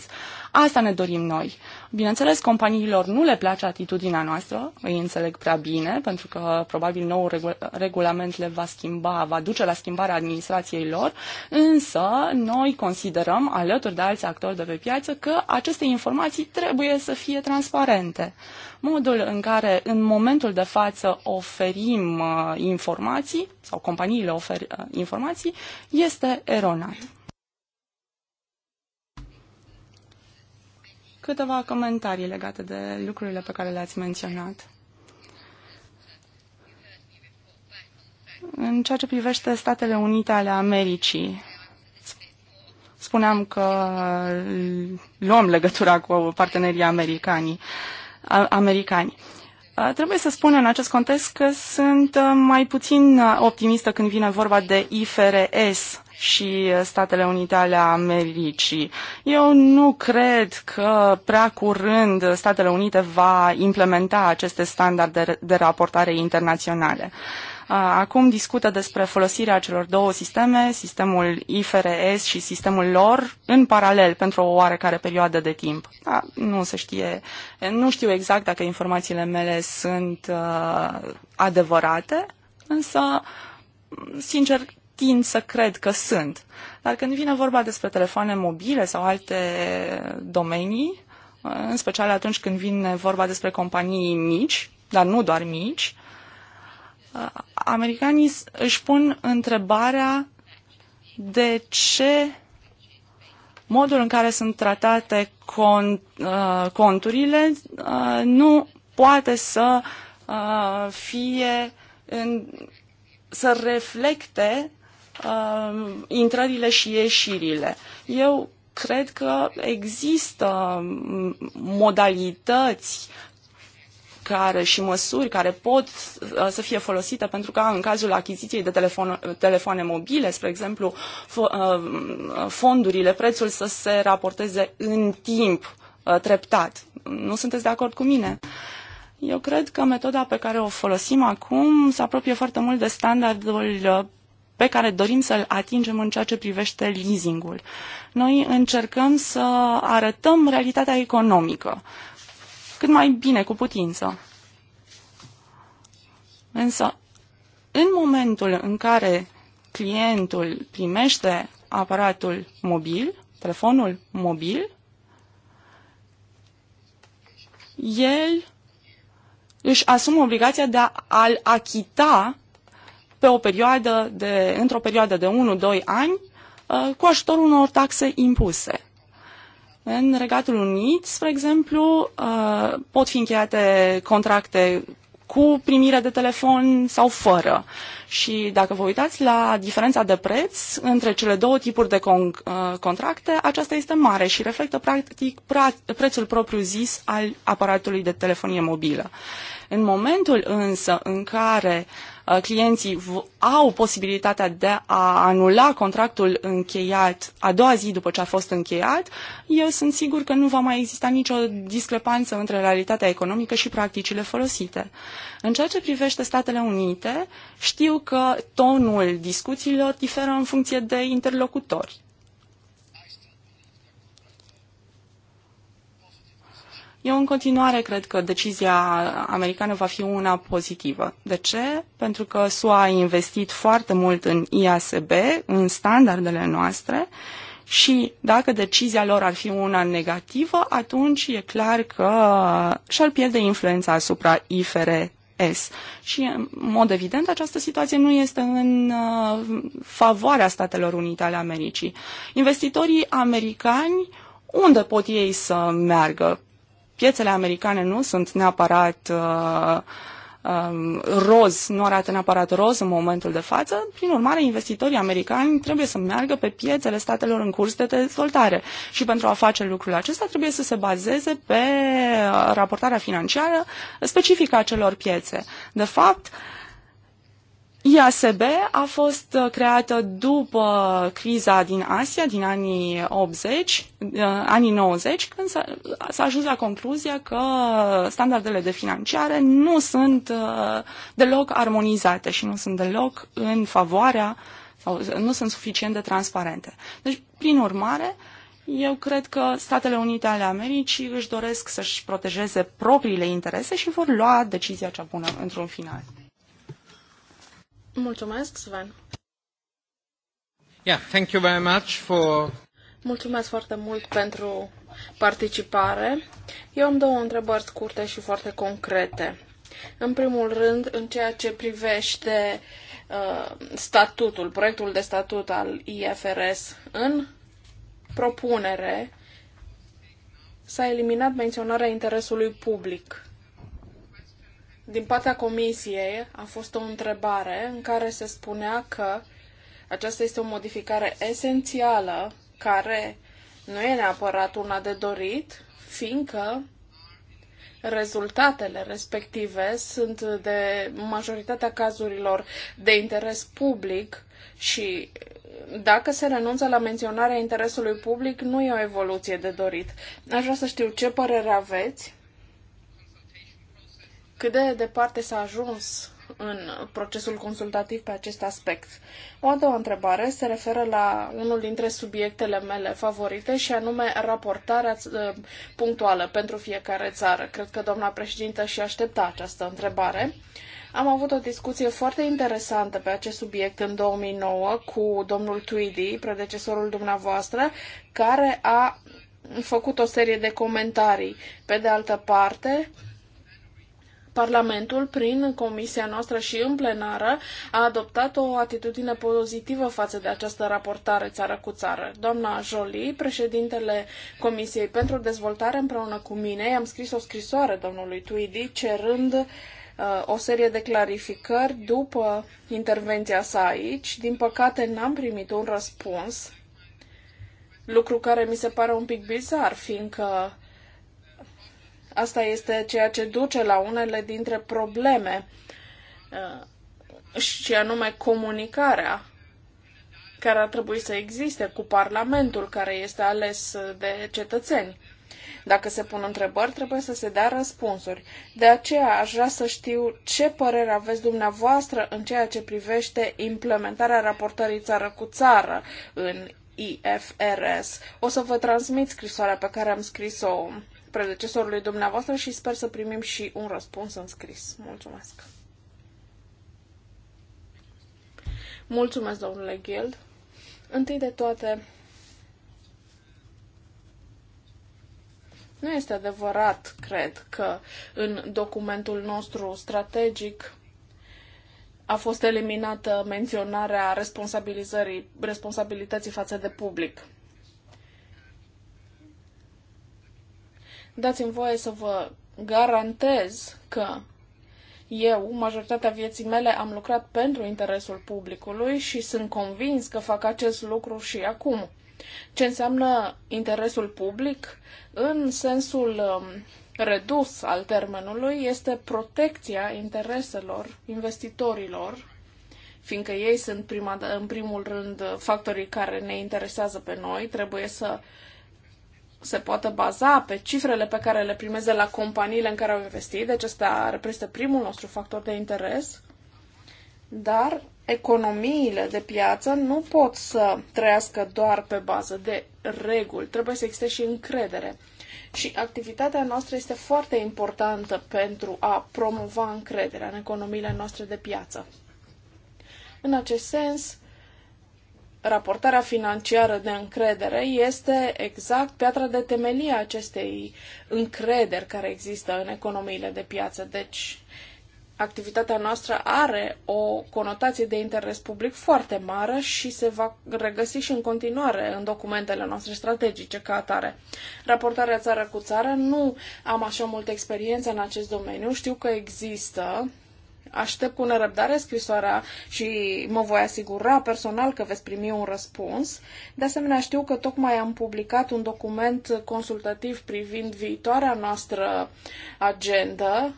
[SPEAKER 8] Asta ne dorim noi. Bineînțeles, companiilor nu le place atitudinea noastră, îi înțeleg prea bine, pentru că probabil nou regulament le va schimba, va duce la schimbarea administrației lor, însă noi considerăm, alături de alți actori de pe piață, că aceste informații trebuie să fie transparente. Modul în care în momentul de față oferim uh, informații sau companiile oferă uh, informații este eronat. câteva comentarii legate de lucrurile pe care le-ați menționat. În ceea ce privește Statele Unite ale Americii, spuneam că luăm legătura cu partenerii americani. americani. Trebuie să spun în acest context că sunt uh, mai puțin uh, optimistă când vine vorba de IFRS și uh, Statele Unite ale Americii. Eu nu cred că prea curând Statele Unite va implementa aceste standarde de raportare internaționale. Uh, acum discută despre folosirea celor două sisteme, sistemul IFRS și sistemul lor, în paralel pentru o oarecare perioadă de timp. Da, nu se știe, nu știu exact dacă informațiile mele sunt uh, adevărate, însă, sincer, tind să cred că sunt. Dar când vine vorba despre telefoane mobile sau alte domenii, în special atunci când vine vorba despre companii mici, dar nu doar mici, americanii își pun întrebarea de ce modul în care sunt tratate uh, conturile uh, nu poate să uh, fie în, să reflecte intrările și ieșirile. Eu cred că există modalități care și măsuri care pot uh, să fie folosite pentru ca în cazul achiziției de telefon, telefoane mobile, spre exemplu, uh, fondurile, prețul să se raporteze în timp uh, treptat. Nu sunteți de acord cu mine? Eu cred că metoda pe care o folosim acum se apropie foarte mult de standardul pe care dorim să-l atingem în ceea ce privește leasingul. Noi încercăm să arătăm realitatea economică cât mai bine cu putință. Însă, în momentul în care clientul primește aparatul mobil, telefonul mobil, el își asumă obligația de a-l achita pe o perioadă de, într-o perioadă de 1-2 ani uh, cu ajutorul unor taxe impuse. În Regatul Unit, spre exemplu, uh, pot fi încheiate contracte cu primire de telefon sau fără. Și dacă vă uitați la diferența de preț între cele două tipuri de con- uh, contracte, aceasta este mare și reflectă practic pra- prețul propriu-zis al aparatului de telefonie mobilă. În momentul însă în care Uh, clienții au posibilitatea de a anula contractul încheiat a doua zi după ce a fost încheiat, eu sunt sigur că nu va mai exista nicio discrepanță între realitatea economică și practicile folosite. În ceea ce privește Statele Unite, știu că tonul discuțiilor diferă în funcție de interlocutori. Eu în continuare cred că decizia americană va fi una pozitivă. De ce? Pentru că SUA a investit foarte mult în IASB, în standardele noastre și dacă decizia lor ar fi una negativă, atunci e clar că și-ar pierde influența asupra IFRS. Și, în mod evident, această situație nu este în uh, favoarea Statelor Unite ale Americii. Investitorii americani unde pot ei să meargă? piețele americane nu sunt neapărat uh, uh, roz, nu arată neapărat roz în momentul de față, prin urmare investitorii americani trebuie să meargă pe piețele statelor în curs de dezvoltare și pentru a face lucrul acesta trebuie să se bazeze pe uh, raportarea financiară specifică a celor piețe. De fapt, uh, IASB a fost uh, creată după criza din Asia, din anii 80, uh, anii 90, când s-a, ajuns la concluzia că standardele de finanțare nu sunt uh, deloc armonizate și nu sunt deloc în favoarea sau nu sunt suficient de transparente. Deci, prin urmare, eu cred că Statele Unite ale Americii își doresc să-și protejeze propriile interese și vor lua decizia cea bună într-un final.
[SPEAKER 9] Mulțumesc, Sven.
[SPEAKER 6] Yeah, thank you very much for...
[SPEAKER 9] Mulțumesc foarte mult pentru participare. Eu am două întrebări scurte și foarte concrete. În primul rând, în ceea ce privește uh, statutul, proiectul de statut al IFRS, în propunere s-a eliminat menționarea interesului public din partea comisiei a fost o întrebare în care se spunea că aceasta este o modificare esențială care nu e neapărat una de dorit, fiindcă rezultatele respective sunt de majoritatea cazurilor de interes public și dacă se renunță la menționarea interesului public, nu e o evoluție de dorit. Aș vrea să știu ce părere aveți cât de departe s-a ajuns în procesul consultativ pe acest aspect. O a doua întrebare se referă la unul dintre subiectele mele favorite și anume raportarea ă, punctuală pentru fiecare țară. Cred că doamna președintă și aștepta această întrebare. Am avut o discuție foarte interesantă pe acest subiect în 2009 cu domnul Tweedy, predecesorul dumneavoastră, care a făcut o serie de comentarii. Pe de altă parte, Parlamentul, prin comisia noastră și în plenară, a adoptat o atitudine pozitivă față de această raportare țară cu țară. Doamna Jolie, președintele Comisiei pentru Dezvoltare, împreună cu mine, i-am scris o scrisoare domnului Tuidi cerând uh, o serie de clarificări după intervenția sa aici. Din păcate, n-am primit un răspuns, lucru care mi se pare un pic bizar, fiindcă Asta este ceea ce duce la unele dintre probleme, uh, și anume comunicarea care ar trebui să existe cu Parlamentul care este ales de cetățeni. Dacă se pun întrebări, trebuie să se dea răspunsuri. De aceea aș vrea să știu ce părere aveți dumneavoastră în ceea ce privește implementarea raportării țară cu țară în IFRS. O să vă transmit scrisoarea pe care am scris-o predecesorului dumneavoastră și sper să primim și un răspuns în scris. Mulțumesc! Mulțumesc, domnule Guild. Întâi de toate, nu este adevărat, cred, că în documentul nostru strategic a fost eliminată menționarea responsabilizării, responsabilității față de public. dați-mi voie să vă garantez că eu, majoritatea vieții mele, am lucrat pentru interesul publicului și sunt convins că fac acest lucru și acum. Ce înseamnă interesul public? În sensul um, redus al termenului, este protecția intereselor investitorilor, fiindcă ei sunt prima, în primul rând uh, factorii care ne interesează pe noi, trebuie să uh, se poată baza pe cifrele pe care le primeze la companiile în care au investit, deci ăsta reprezintă primul nostru factor de interes, dar economiile de piață nu pot să trăiască doar pe bază de reguli, trebuie să existe și încredere. Și activitatea noastră este foarte importantă pentru a promova încrederea în economiile noastre de piață. În acest sens, raportarea financiară de încredere este exact piatra de temelie a acestei încrederi care există în economiile de piață. Deci, activitatea noastră are o conotație de interes public foarte mare și se va regăsi și în continuare în documentele noastre strategice ca atare. Raportarea țară cu țară, nu am așa multă experiență în acest domeniu, știu că există Aștept cu nerăbdare scrisoarea și mă voi asigura personal că veți primi un răspuns. De asemenea, știu că tocmai am publicat un document consultativ privind viitoarea noastră agendă.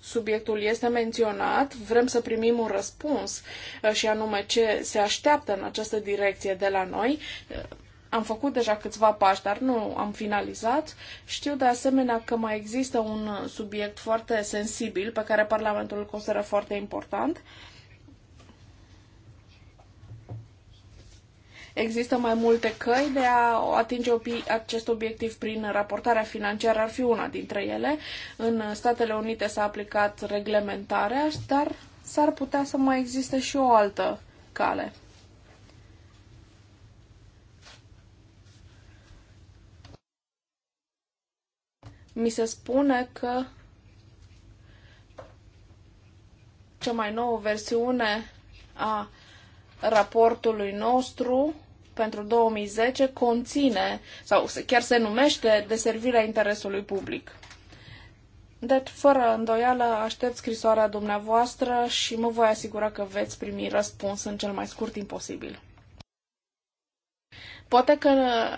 [SPEAKER 9] Subiectul este menționat, vrem să primim un răspuns uh, și anume ce se așteaptă în această direcție de la noi. Uh, am făcut deja câțiva pași, dar nu am finalizat. Știu de asemenea că mai există un subiect foarte sensibil pe care Parlamentul îl consideră foarte important. Există mai multe căi de a atinge acest obiectiv prin raportarea financiară, ar fi una dintre ele. În Statele Unite s-a aplicat reglementarea, dar s-ar putea să mai existe și o altă cale. mi se spune că cea mai nouă versiune a raportului nostru pentru 2010 conține sau chiar se numește deservirea interesului public. Deci, fără îndoială, aștept scrisoarea dumneavoastră și mă voi asigura că veți primi răspuns în cel mai scurt timp posibil. Poate că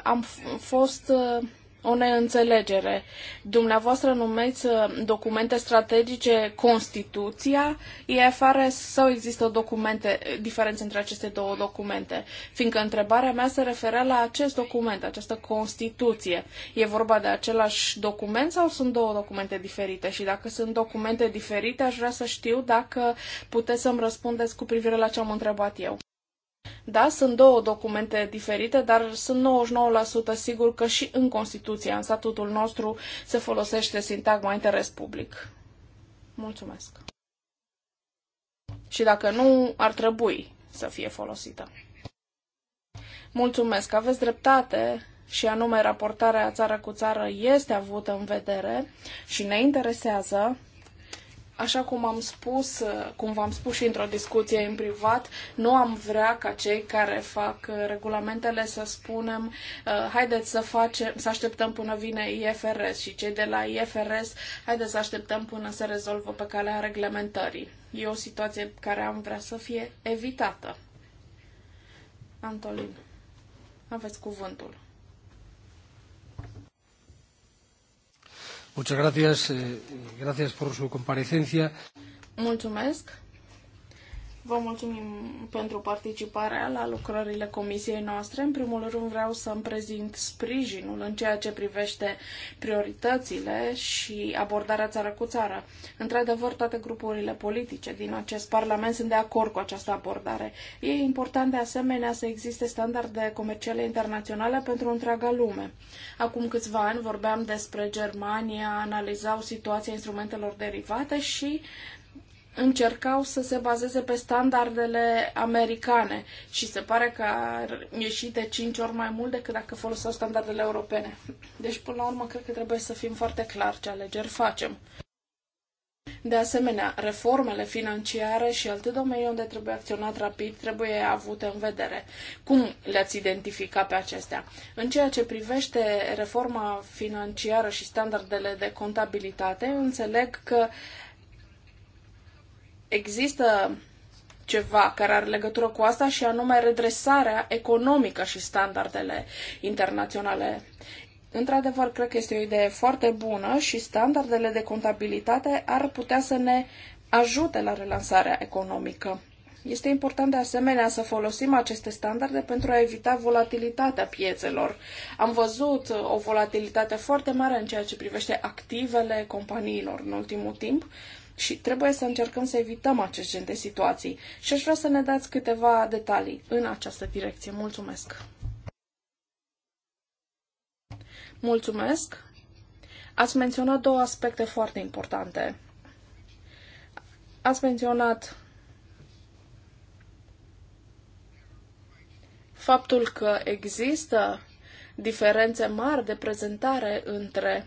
[SPEAKER 9] am fost uh, o neînțelegere. Dumneavoastră numeți uh, documente strategice Constituția IFRS sau există documente, diferențe între aceste două documente? Fiindcă întrebarea mea se referea la acest document, această Constituție. E vorba de același document sau sunt două documente diferite? Și dacă sunt documente diferite, aș vrea să știu dacă puteți să-mi răspundeți cu privire la ce am întrebat eu. Da, sunt două documente diferite, dar sunt 99% sigur că și în Constituția, în statutul nostru, se folosește sintagma interes public. Mulțumesc. Și dacă nu, ar trebui să fie folosită. Mulțumesc, aveți dreptate și anume raportarea țară cu țară este avută în vedere și ne interesează Așa cum am spus, uh, cum v-am spus și într-o discuție în privat, nu am vrea ca cei care fac uh, regulamentele să spunem uh, haideți să facem, să așteptăm până vine IFRS și cei de la IFRS haideți să așteptăm până se rezolvă pe calea reglementării. E o situație care am vrea să fie evitată. Antolin, aveți cuvântul.
[SPEAKER 6] Muchas gracias. Eh, gracias por su comparecencia.
[SPEAKER 9] Mulțumesc. Vă mulțumim pentru participarea la lucrările comisiei noastre. În primul rând vreau să-mi prezint sprijinul în ceea ce privește prioritățile și abordarea țară cu țară. Într-adevăr, toate grupurile politice din acest Parlament sunt de acord cu această abordare. E important de asemenea să existe standarde comerciale internaționale pentru întreaga lume. Acum câțiva ani vorbeam despre Germania, analizau situația instrumentelor derivate și încercau să se bazeze pe standardele americane și se pare că ar ieși de 5 ori mai mult decât dacă foloseau standardele europene. Deci, până la urmă, cred că trebuie să fim foarte clar ce alegeri facem. De asemenea, reformele financiare și alte domenii unde trebuie acționat rapid trebuie avute în vedere. Cum le-ați identificat pe acestea? În ceea ce privește reforma financiară și standardele de contabilitate, înțeleg că uh, există ceva care are legătură cu asta și anume redresarea economică și standardele internaționale. Într-adevăr, cred că este o idee foarte bună și standardele de contabilitate ar putea să ne ajute la relansarea economică. Este important de asemenea să folosim aceste standarde pentru a evita volatilitatea piețelor. Am văzut o volatilitate foarte mare în ceea ce privește activele companiilor în ultimul timp și trebuie să încercăm să evităm acest gen de situații. Și aș vrea să ne dați câteva detalii în această direcție. Mulțumesc! Mulțumesc! Ați menționat două aspecte foarte importante. Ați menționat faptul că există diferențe mari de prezentare între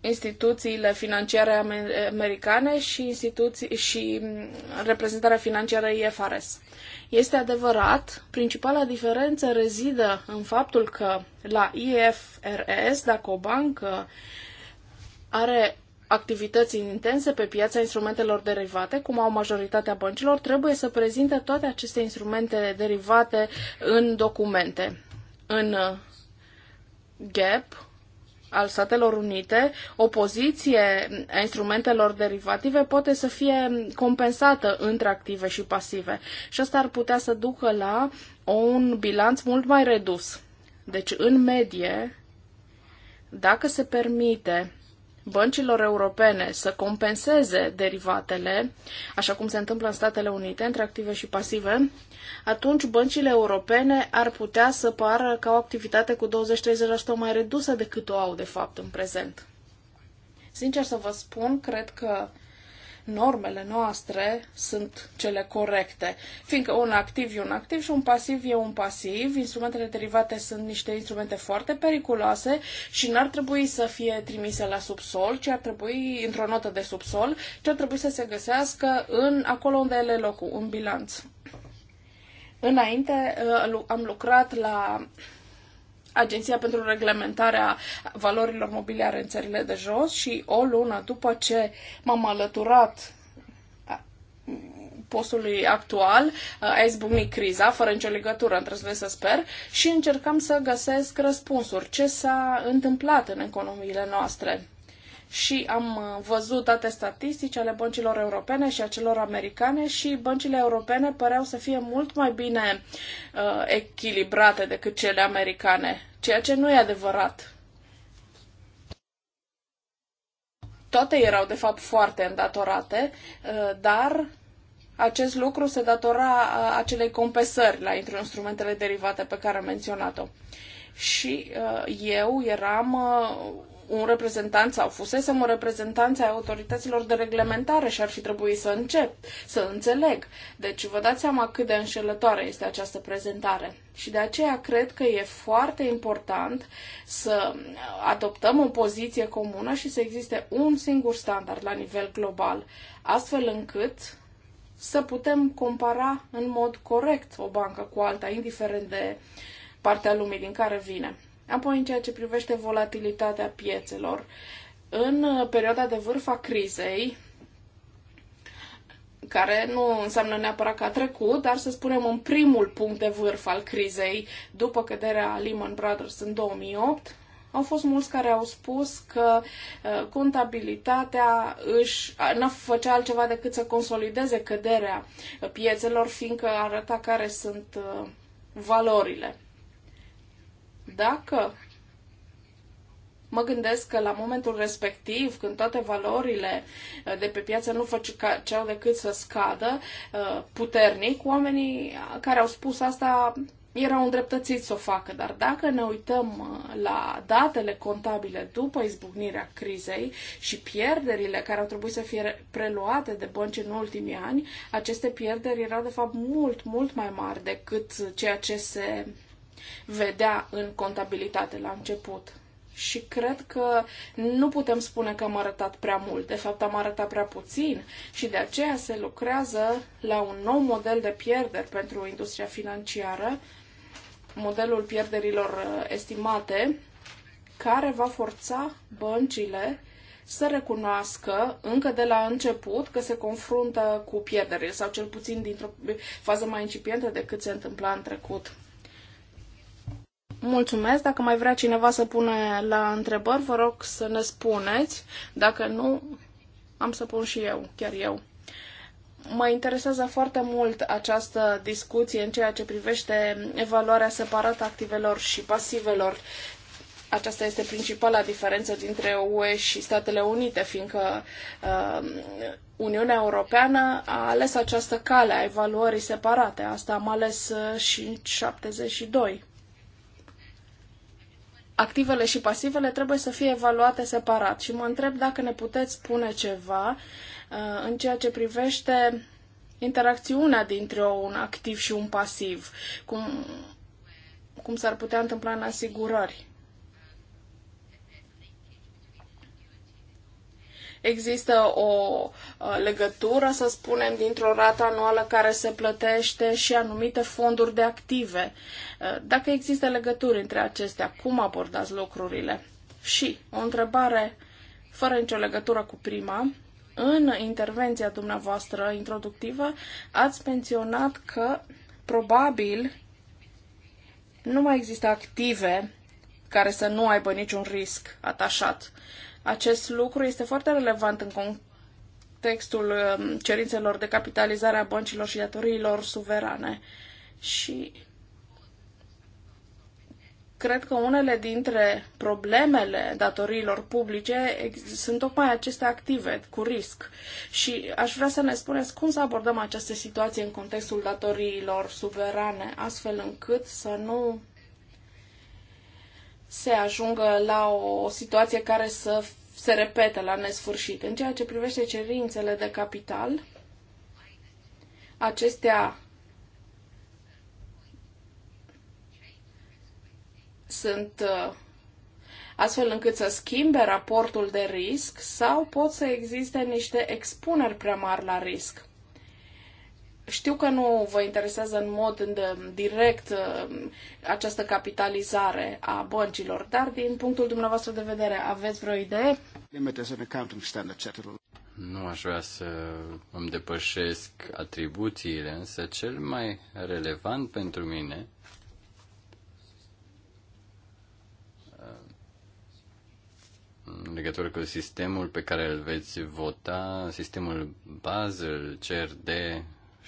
[SPEAKER 9] instituțiile financiare americane și, instituții, și mm, reprezentarea financiară IFRS. Este adevărat, principala diferență rezidă în faptul că la IFRS, dacă o bancă are activități intense pe piața instrumentelor derivate, cum au majoritatea băncilor, trebuie să prezinte toate aceste instrumente derivate în documente. În uh, GAP, al Statelor Unite, o poziție a instrumentelor derivative poate să fie compensată între active și pasive. Și asta ar putea să ducă la un bilanț mult mai redus. Deci, în medie, dacă se permite băncilor europene să compenseze derivatele, așa cum se întâmplă în Statele Unite, între active și pasive, atunci băncile europene ar putea să pară ca o activitate cu 20-30% mai redusă decât o au, de fapt, în prezent. Sincer să vă spun, cred că normele noastre sunt cele corecte, fiindcă un activ e un activ și un pasiv e un pasiv. Instrumentele derivate sunt niște instrumente foarte periculoase și n-ar trebui să fie trimise la subsol, ci ar trebui într-o notă de subsol, ci ar trebui să se găsească în acolo unde ele locul, în bilanț. Înainte uh, am lucrat la Agenția pentru Reglementarea Valorilor Mobiliare în țările de jos și o lună după ce m-am alăturat postului actual a izbucnit criza, fără nicio legătură între ele, să sper, și încercam să găsesc răspunsuri. Ce s-a întâmplat în economiile noastre? și am uh, văzut date statistice ale băncilor europene și a celor americane și băncile europene păreau să fie mult mai bine uh, echilibrate decât cele americane, ceea ce nu e adevărat. Toate erau, de fapt, foarte îndatorate, uh, dar acest lucru se datora uh, acelei compensări la instrumentele derivate pe care am menționat-o. Și eu eram un reprezentant sau fusese un reprezentant ai autorităților de reglementare și ar fi trebuit să încep, să înțeleg. Deci vă dați seama cât de înșelătoare este această prezentare. Și de aceea cred că e foarte important să adoptăm o poziție comună și să existe un singur standard la nivel global, astfel încât să putem compara în mod corect o bancă cu alta, indiferent de partea lumii din care vine. Apoi, în ceea ce privește volatilitatea piețelor, în uh, perioada de vârf a crizei, care nu înseamnă neapărat că a trecut, dar să spunem în primul punct de vârf al crizei, după căderea Lehman Brothers în 2008, au fost mulți care au spus că uh, contabilitatea își uh, nu făcea altceva decât să consolideze căderea piețelor, fiindcă arăta care sunt valorile. Dacă mă gândesc că la momentul respectiv, când toate valorile uh, de pe piață nu fac făceau decât să scadă uh, puternic, oamenii care au spus asta erau îndreptățiți să o facă, dar dacă ne uităm uh, la datele contabile după izbucnirea crizei și pierderile care au trebuit să fie preluate de bănci în ultimii ani, aceste pierderi erau de fapt mult, mult mai mari decât ceea ce se vedea în contabilitate la început. Și cred că nu putem spune că am arătat prea mult. De fapt, am arătat prea puțin și de aceea se lucrează la un nou model de pierderi pentru industria financiară, modelul pierderilor uh, estimate, care va forța băncile să recunoască încă de la început că se confruntă cu pierderile sau cel puțin dintr-o fază mai incipientă decât se întâmpla în trecut. Mulțumesc. Dacă mai vrea cineva să pune la întrebări, vă rog să ne spuneți. Dacă nu, am să pun și eu, chiar eu. Mă interesează foarte mult această discuție în ceea ce privește evaluarea separată activelor și pasivelor. Aceasta este principala diferență dintre UE și Statele Unite, fiindcă uh, Uniunea Europeană a ales această cale a evaluării separate. Asta am ales uh, și în 72 activele și pasivele trebuie să fie evaluate separat și mă întreb dacă ne puteți spune ceva uh, în ceea ce privește interacțiunea dintre un activ și un pasiv, cum, cum s-ar putea întâmpla în asigurări. există o uh, legătură, să spunem, dintr-o rată anuală care se plătește și anumite fonduri de active. Uh, dacă există legături între acestea, cum abordați lucrurile? Și o întrebare fără nicio legătură cu prima, în intervenția dumneavoastră introductivă ați menționat că probabil nu mai există active care să nu aibă niciun risc atașat. Acest lucru este foarte relevant în contextul um, cerințelor de capitalizare a băncilor și datoriilor suverane. Și cred că unele dintre problemele datoriilor publice sunt tocmai aceste active cu risc. Și aș vrea să ne spuneți cum să abordăm această situație în contextul datoriilor suverane, astfel încât să nu se ajungă la o, o situație care să se repetă la nesfârșit. În ceea ce privește cerințele de capital, acestea sunt uh, astfel încât să schimbe raportul de risc sau pot să existe niște expuneri prea mari la risc. Știu că nu vă interesează în mod direct uh, această capitalizare a băncilor, dar din punctul dumneavoastră de vedere aveți vreo idee?
[SPEAKER 4] Nu aș vrea să îmi depășesc atribuțiile, însă cel mai relevant pentru mine uh, în legătură cu sistemul pe care îl veți vota, sistemul Basel, CRD,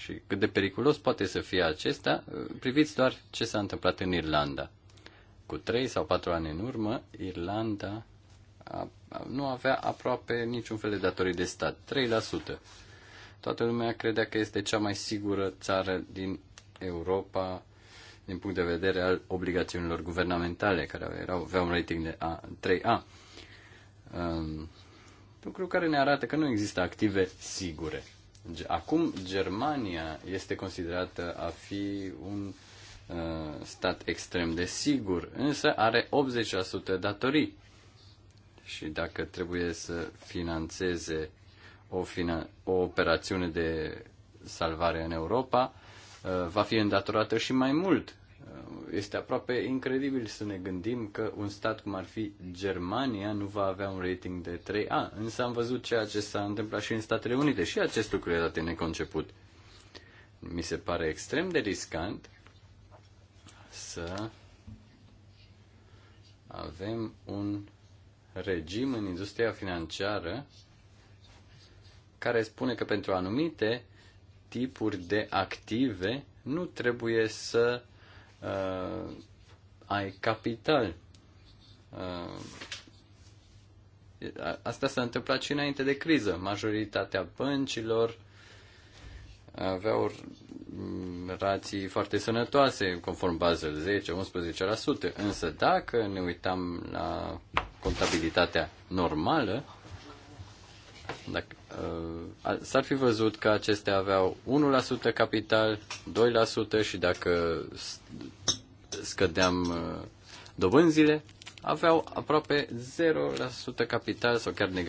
[SPEAKER 4] și cât de periculos poate să fie acesta, priviți doar ce s-a întâmplat în Irlanda. Cu trei sau patru ani în urmă, Irlanda a, a, nu avea aproape niciun fel de datorii de stat, 3%. Toată lumea credea că este cea mai sigură țară din Europa din punct de vedere al obligațiunilor guvernamentale, care erau, aveau un rating de A, 3A. Um, lucru care ne arată că nu există active sigure. Acum Germania este considerată a fi un uh, stat extrem de sigur, însă are 80% datorii. Și dacă trebuie să financeze o, fina- o operațiune de salvare în Europa, uh, va fi îndatorată și mai mult este aproape incredibil să ne gândim că un stat cum ar fi Germania nu va avea un rating de 3A, însă am văzut ceea ce s-a întâmplat și în Statele Unite și acest lucru era de neconceput. Mi se pare extrem de riscant să avem un regim în industria financiară care spune că pentru anumite tipuri de active nu trebuie să uh, ai capital. Uh, asta s-a întâmplat și înainte de criză. Majoritatea băncilor aveau rații foarte sănătoase, conform Basel 10-11%. Însă dacă ne uitam la contabilitatea normală, dacă Uh, s-ar fi văzut că acestea aveau 1% capital, 2% și dacă scădeam uh, dobânzile, aveau aproape 0% capital sau chiar negativ.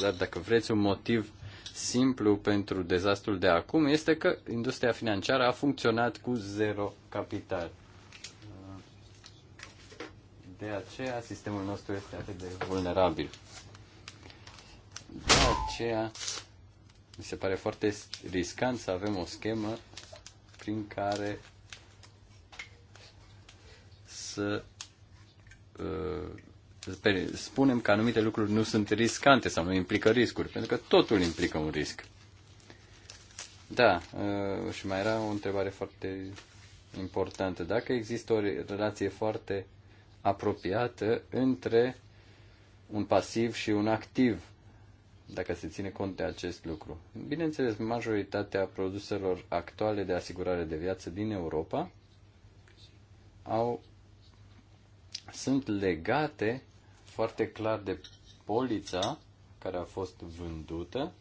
[SPEAKER 4] Dar dacă vreți un motiv simplu pentru dezastrul de acum este că industria financiară a funcționat cu zero capital. De aceea sistemul nostru este atât de vulnerabil. De aceea mi se pare foarte riscant să avem o schemă prin care să uh, spunem că anumite lucruri nu sunt riscante sau nu implică riscuri, pentru că totul implică un risc. Da, uh, și mai era o întrebare foarte importantă. Dacă există o relație foarte apropiată între un pasiv și un activ, dacă se ține cont de acest lucru. Bineînțeles, majoritatea produselor actuale de asigurare de viață din Europa au, sunt legate foarte clar de polița care a fost vândută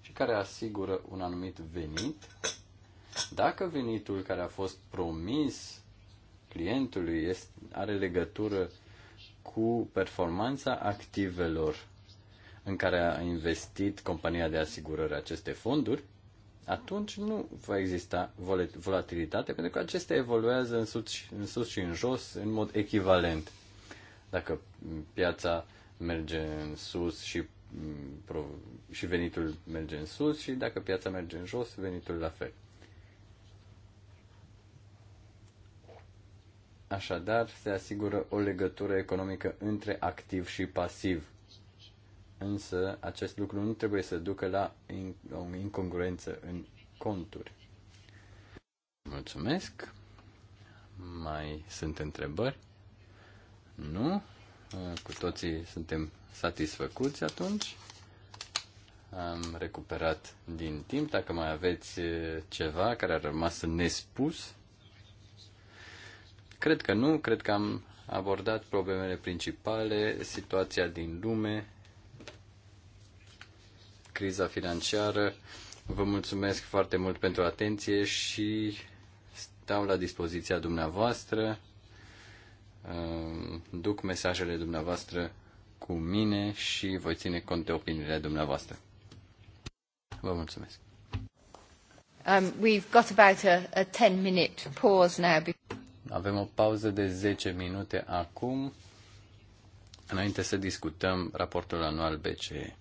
[SPEAKER 4] și care asigură un anumit venit. Dacă venitul care a fost promis clientului este, are legătură cu performanța activelor în care a investit compania de asigurări aceste fonduri, atunci nu va exista volatilitate, pentru că acestea evoluează în sus, în sus și în jos în mod echivalent. Dacă piața merge în sus și, mm, și venitul merge în sus și dacă piața merge în jos, venitul la fel. Așadar, se asigură o legătură economică între activ și pasiv. Însă, acest lucru nu trebuie să ducă la o incongruență în conturi. Mulțumesc. Mai sunt întrebări? Nu? Cu toții suntem satisfăcuți atunci. Am recuperat din timp. Dacă mai aveți eh, ceva care a rămas nespus, Cred că nu, cred că am abordat problemele principale, situația din lume, criza financiară. Vă mulțumesc foarte mult pentru atenție și stau la dispoziția dumneavoastră. Duc mesajele dumneavoastră cu mine și voi ține cont de opiniile dumneavoastră. Vă mulțumesc.
[SPEAKER 1] Um, we've got about a, a 10 minute pause now.
[SPEAKER 4] Avem o pauză de 10 minute acum, înainte să discutăm raportul anual BCE.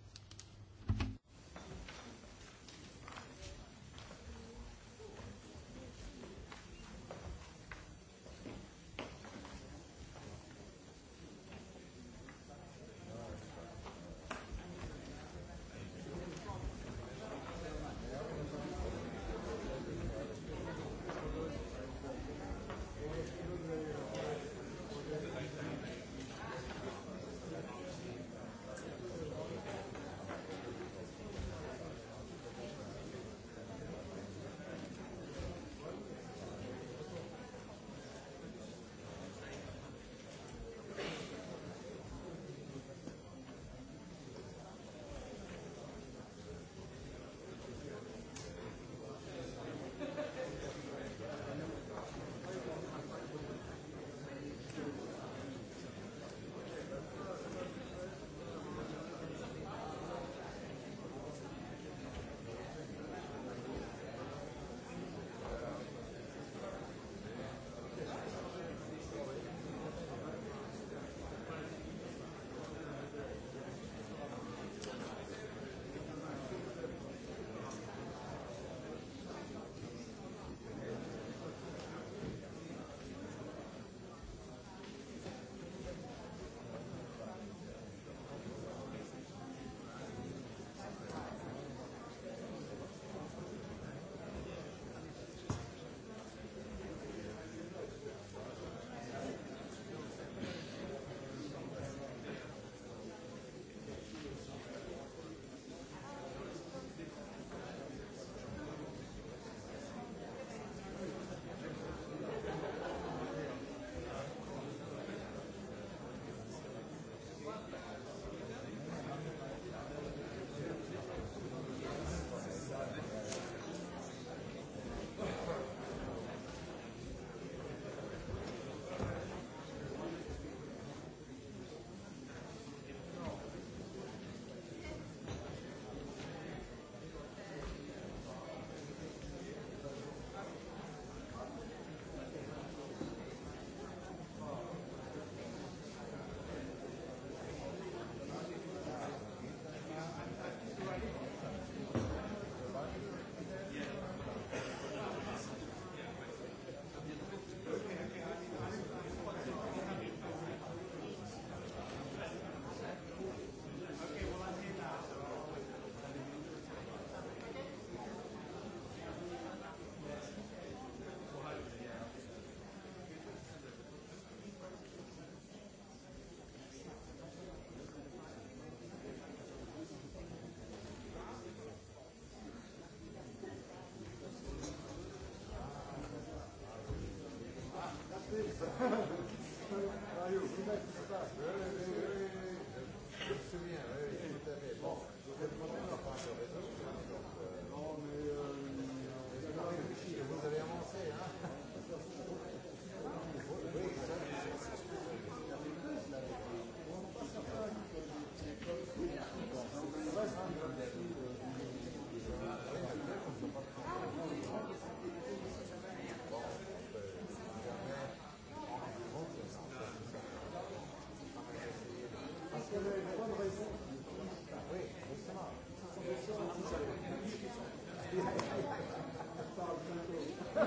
[SPEAKER 5] Sigur.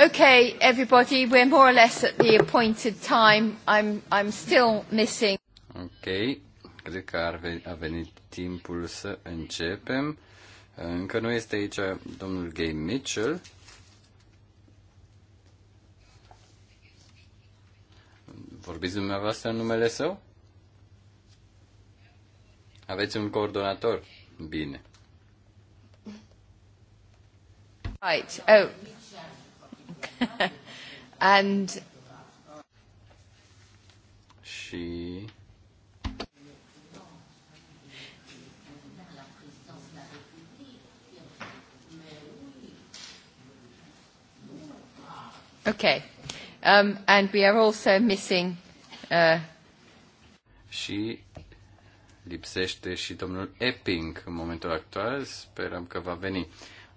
[SPEAKER 1] Okay, everybody, we're more or less at the appointed time. I'm, I'm still missing.
[SPEAKER 4] Ok, cred că ar veni, a venit timpul să începem. Încă nu este aici domnul Gay Mitchell. Vorbiți dumneavoastră în numele său? Aveți un coordonator? Bine.
[SPEAKER 1] Right. Oh, and
[SPEAKER 4] she
[SPEAKER 1] Okay. Um, and we are also missing uh...
[SPEAKER 4] și lipsește și domnul Epping în momentul actual, sperăm că va veni. Uh,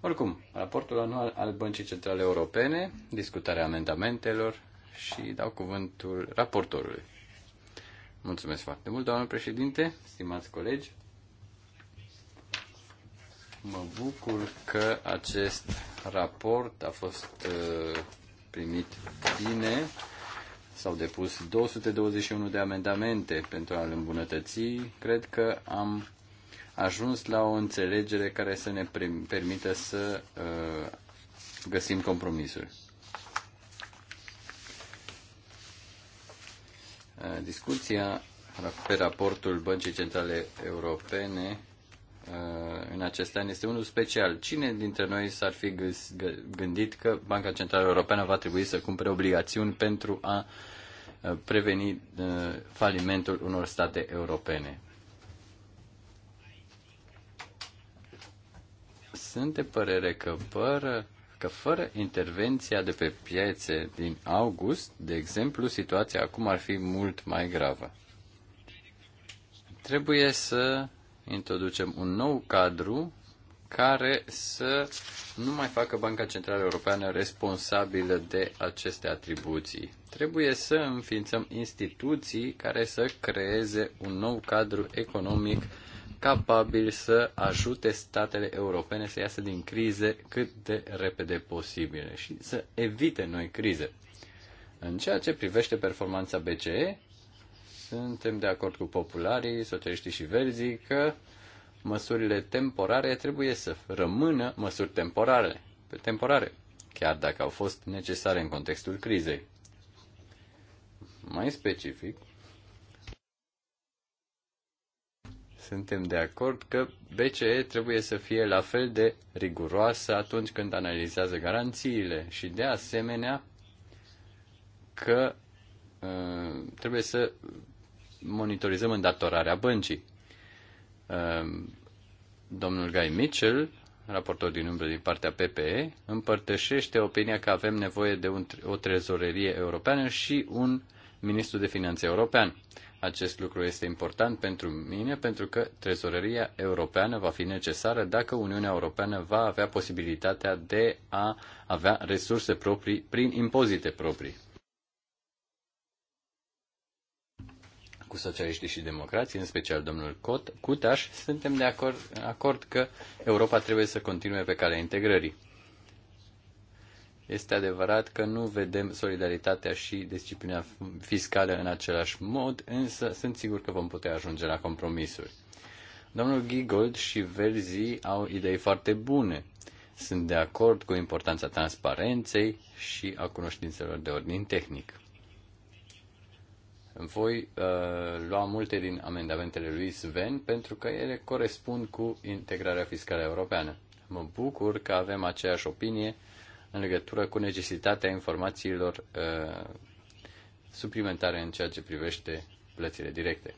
[SPEAKER 4] oricum, raportul anual al Băncii Centrale Europene, discutarea amendamentelor și dau cuvântul raportorului. Mulțumesc foarte mult, doamnă președinte, stimați colegi. Mă bucur că acest raport a fost uh, primit bine. S-au depus 221 de amendamente pentru a-l îmbunătăți. Cred că am ajuns la o înțelegere care să ne permită să uh, găsim compromisuri. Uh, discuția pe raportul Băncii Centrale Europene uh, în acest an este unul special. Cine dintre noi s-ar fi gândit că Banca Centrală Europeană va trebui să cumpere obligațiuni pentru a preveni falimentul unor state europene? Sunt de părere că fără, că fără intervenția de pe piețe din august, de exemplu, situația acum ar fi mult mai gravă. Trebuie să introducem un nou cadru care să nu mai facă Banca Centrală Europeană responsabilă de aceste atribuții. Trebuie să înființăm instituții care să creeze un nou cadru economic capabil să ajute statele europene să iasă din crize cât de repede posibil și să evite noi crize. În ceea ce privește performanța BCE, suntem de acord cu popularii, socialiștii și verzii că măsurile temporare trebuie să rămână măsuri temporare, temporare, chiar dacă au fost necesare în contextul crizei. Mai specific, Suntem de acord că BCE trebuie să fie la fel de riguroasă atunci când analizează garanțiile și de asemenea că uh, trebuie să monitorizăm îndatorarea băncii. Uh, domnul Guy Mitchell, raportor din umbră din partea PPE, împărtășește opinia că avem nevoie de o trezorerie europeană și un ministru de finanțe european. Acest lucru este important pentru mine pentru că trezoreria europeană va fi necesară dacă Uniunea Europeană va avea posibilitatea de a avea resurse proprii prin impozite proprii. Cu socialiștii și democrații, în special domnul Cot, Cutaș, suntem de acord, acord că Europa trebuie să continue pe calea integrării este adevărat că nu vedem solidaritatea și disciplina fiscală în același mod, însă sunt sigur că vom putea ajunge la compromisuri. Domnul Giegold și Verzi au idei foarte bune. Sunt de acord cu importanța transparenței și a cunoștințelor de ordin tehnic. Voi uh, lua multe din amendamentele lui Sven pentru că ele corespund cu integrarea fiscală europeană. Mă bucur că avem aceeași opinie în legătură cu necesitatea informațiilor uh, suplimentare în ceea ce privește plățile directe.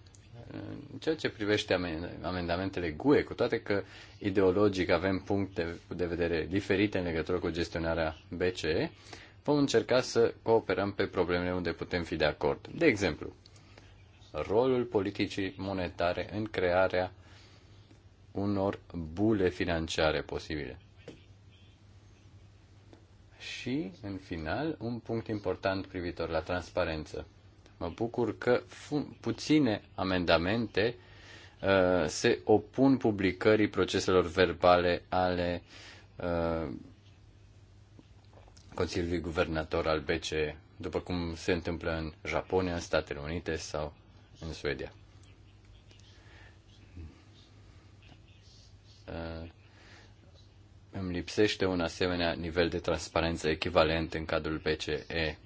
[SPEAKER 4] În ceea ce privește amendamentele GUE, cu toate că ideologic avem puncte de vedere diferite în legătură cu gestionarea BCE, vom încerca să cooperăm pe problemele unde putem fi de acord. De exemplu, rolul politicii monetare în crearea unor bule financiare posibile și, în final, un punct important privitor la transparență. Mă bucur că puține amendamente uh, se opun publicării proceselor verbale ale uh, Consiliului Guvernator al BCE, după cum se întâmplă în Japonia, în Statele Unite sau în Suedia. Uh, îmi lipsește un asemenea nivel de transparență echivalent în cadrul BCE.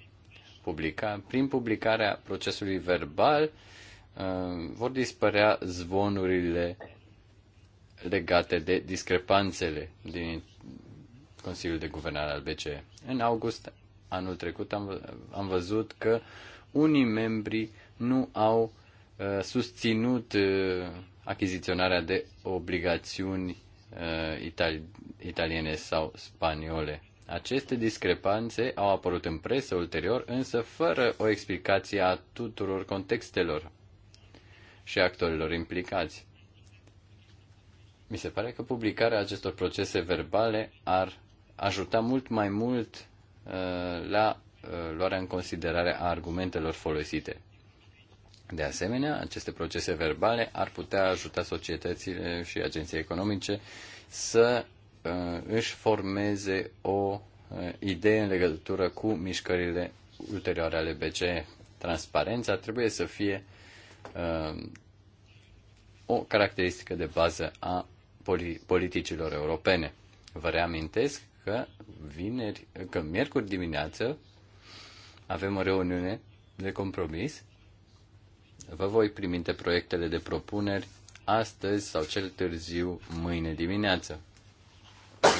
[SPEAKER 4] Publica, prin publicarea procesului verbal uh, vor dispărea zvonurile legate de discrepanțele din Consiliul de Guvernare al BCE. În august anul trecut am, am văzut că unii membri nu au uh, susținut uh, achiziționarea de obligațiuni Uh, itali- italiene sau spaniole. Aceste discrepanțe au apărut în presă ulterior, însă fără o explicație a tuturor contextelor și actorilor implicați. Mi se pare că publicarea acestor procese verbale ar ajuta mult mai mult uh, la uh, luarea în considerare a argumentelor folosite. De asemenea, aceste procese verbale ar putea ajuta societățile și agenții economice să uh, își formeze o uh, idee în legătură cu mișcările ulterioare ale BCE. Transparența trebuie să fie uh, o caracteristică de bază a politicilor europene. Vă reamintesc că vineri, că miercuri dimineață avem o reuniune de compromis Vă voi primite proiectele de propuneri astăzi sau cel târziu mâine dimineață.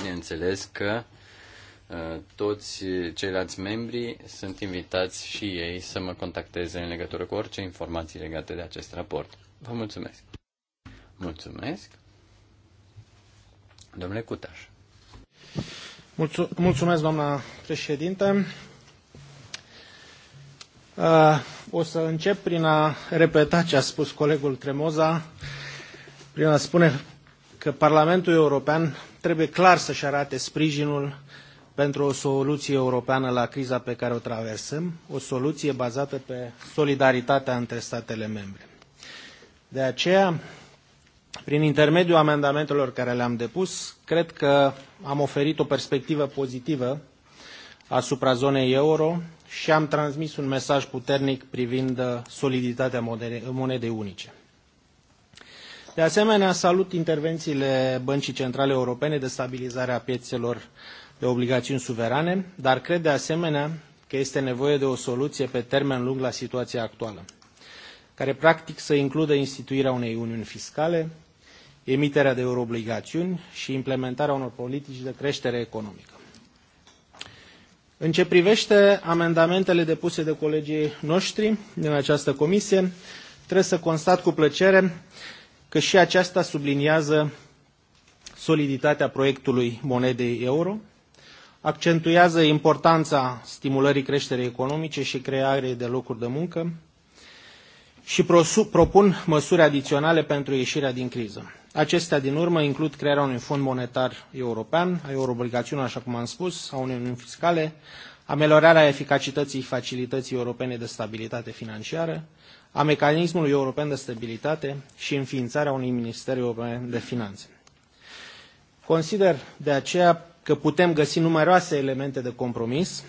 [SPEAKER 4] Bineînțeles că uh, toți ceilalți membri sunt invitați și ei să mă contacteze în legătură cu orice informații legate de acest raport. Vă mulțumesc! Mulțumesc! Domnule Cutaș!
[SPEAKER 6] Mulțu- mulțumesc, doamna președinte! Uh, o să încep prin a repeta ce a spus colegul Tremoza, prin a spune că Parlamentul European trebuie clar să-și arate sprijinul pentru o soluție europeană la criza pe care o traversăm, o soluție bazată pe solidaritatea între statele membre. De aceea, prin intermediul amendamentelor care le-am depus, cred că am oferit o perspectivă pozitivă asupra zonei euro și am transmis un mesaj puternic privind uh, soliditatea monedei unice. De asemenea, salut intervențiile Băncii Centrale Europene de stabilizare a piețelor de obligațiuni suverane, dar cred de asemenea că este nevoie de o soluție pe termen lung la situația actuală, care practic să includă instituirea unei uniuni fiscale, emiterea de euroobligațiuni și implementarea unor politici de creștere economică. În ce privește amendamentele depuse de colegii noștri din această comisie, trebuie să constat cu plăcere că și aceasta subliniază soliditatea proiectului monedei euro, accentuează importanța stimulării creșterii economice și crearei de locuri de muncă și propun măsuri adiționale pentru ieșirea din criză. Acestea din urmă includ crearea unui fond monetar european, a euroobligațiunilor, așa cum am spus, a unei uniuni fiscale, ameliorarea eficacității facilității europene de stabilitate financiară, a mecanismului european de stabilitate și înființarea unui minister european de finanțe. Consider de aceea că putem găsi numeroase elemente de compromis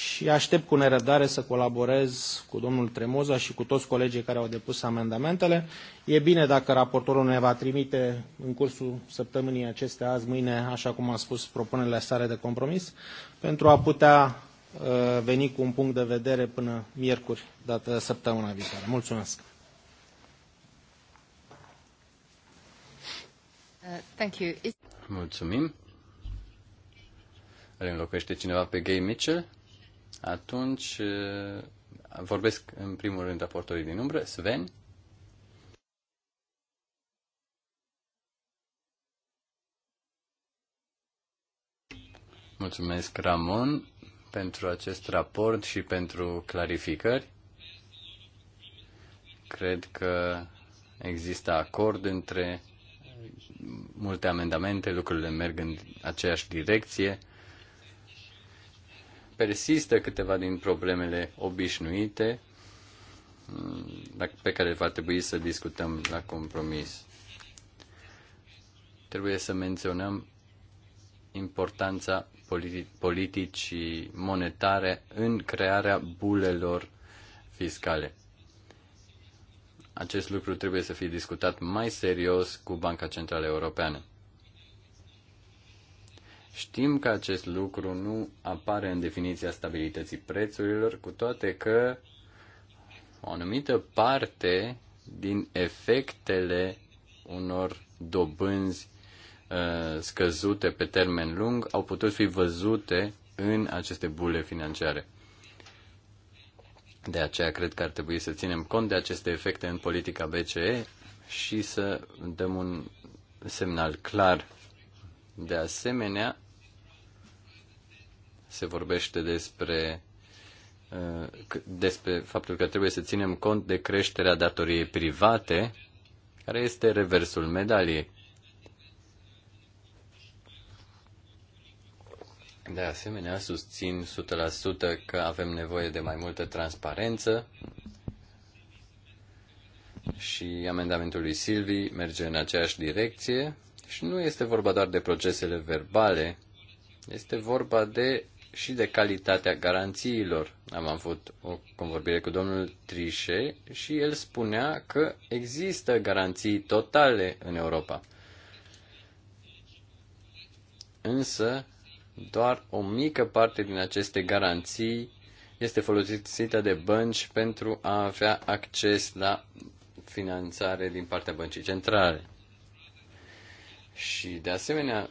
[SPEAKER 6] și aștept cu nerăbdare să colaborez cu domnul Tremoza și cu toți colegii care au depus amendamentele. E bine dacă raportorul ne va trimite în cursul săptămânii acestea, azi, mâine, așa cum a spus, propunerile sare de compromis, pentru a putea uh, veni cu un punct de vedere până miercuri, dată săptămâna viitoare. Mulțumesc!
[SPEAKER 1] Uh, thank you.
[SPEAKER 4] Mulțumim. Reînlocuiește cineva pe Gay Mitchell? Atunci vorbesc în primul rând raportorii din umbră, Sven. Mulțumesc, Ramon, pentru acest raport și pentru clarificări. Cred că există acord între multe amendamente, lucrurile merg în aceeași direcție persistă câteva din problemele obișnuite mm, pe care va trebui să discutăm la compromis. Trebuie să menționăm importanța politicii monetare în crearea bulelor fiscale. Acest lucru trebuie să fie discutat mai serios cu Banca Centrală Europeană. Știm că acest lucru nu apare în definiția stabilității prețurilor, cu toate că o anumită parte din efectele unor dobânzi uh, scăzute pe termen lung au putut fi văzute în aceste bule financiare. De aceea cred că ar trebui să ținem cont de aceste efecte în politica BCE și să dăm un semnal clar. De asemenea, se vorbește despre, uh, despre faptul că trebuie să ținem cont de creșterea datoriei private, care este reversul medaliei. De asemenea, susțin 100% că avem nevoie de mai multă transparență și amendamentul lui Silvi merge în aceeași direcție și nu este vorba doar de procesele verbale, este vorba de și de calitatea garanțiilor. Am avut o convorbire cu domnul Trișe și el spunea că există garanții totale în Europa. Însă, doar o mică parte din aceste garanții este folosită de bănci pentru a avea acces la finanțare din partea băncii centrale. Și, de asemenea,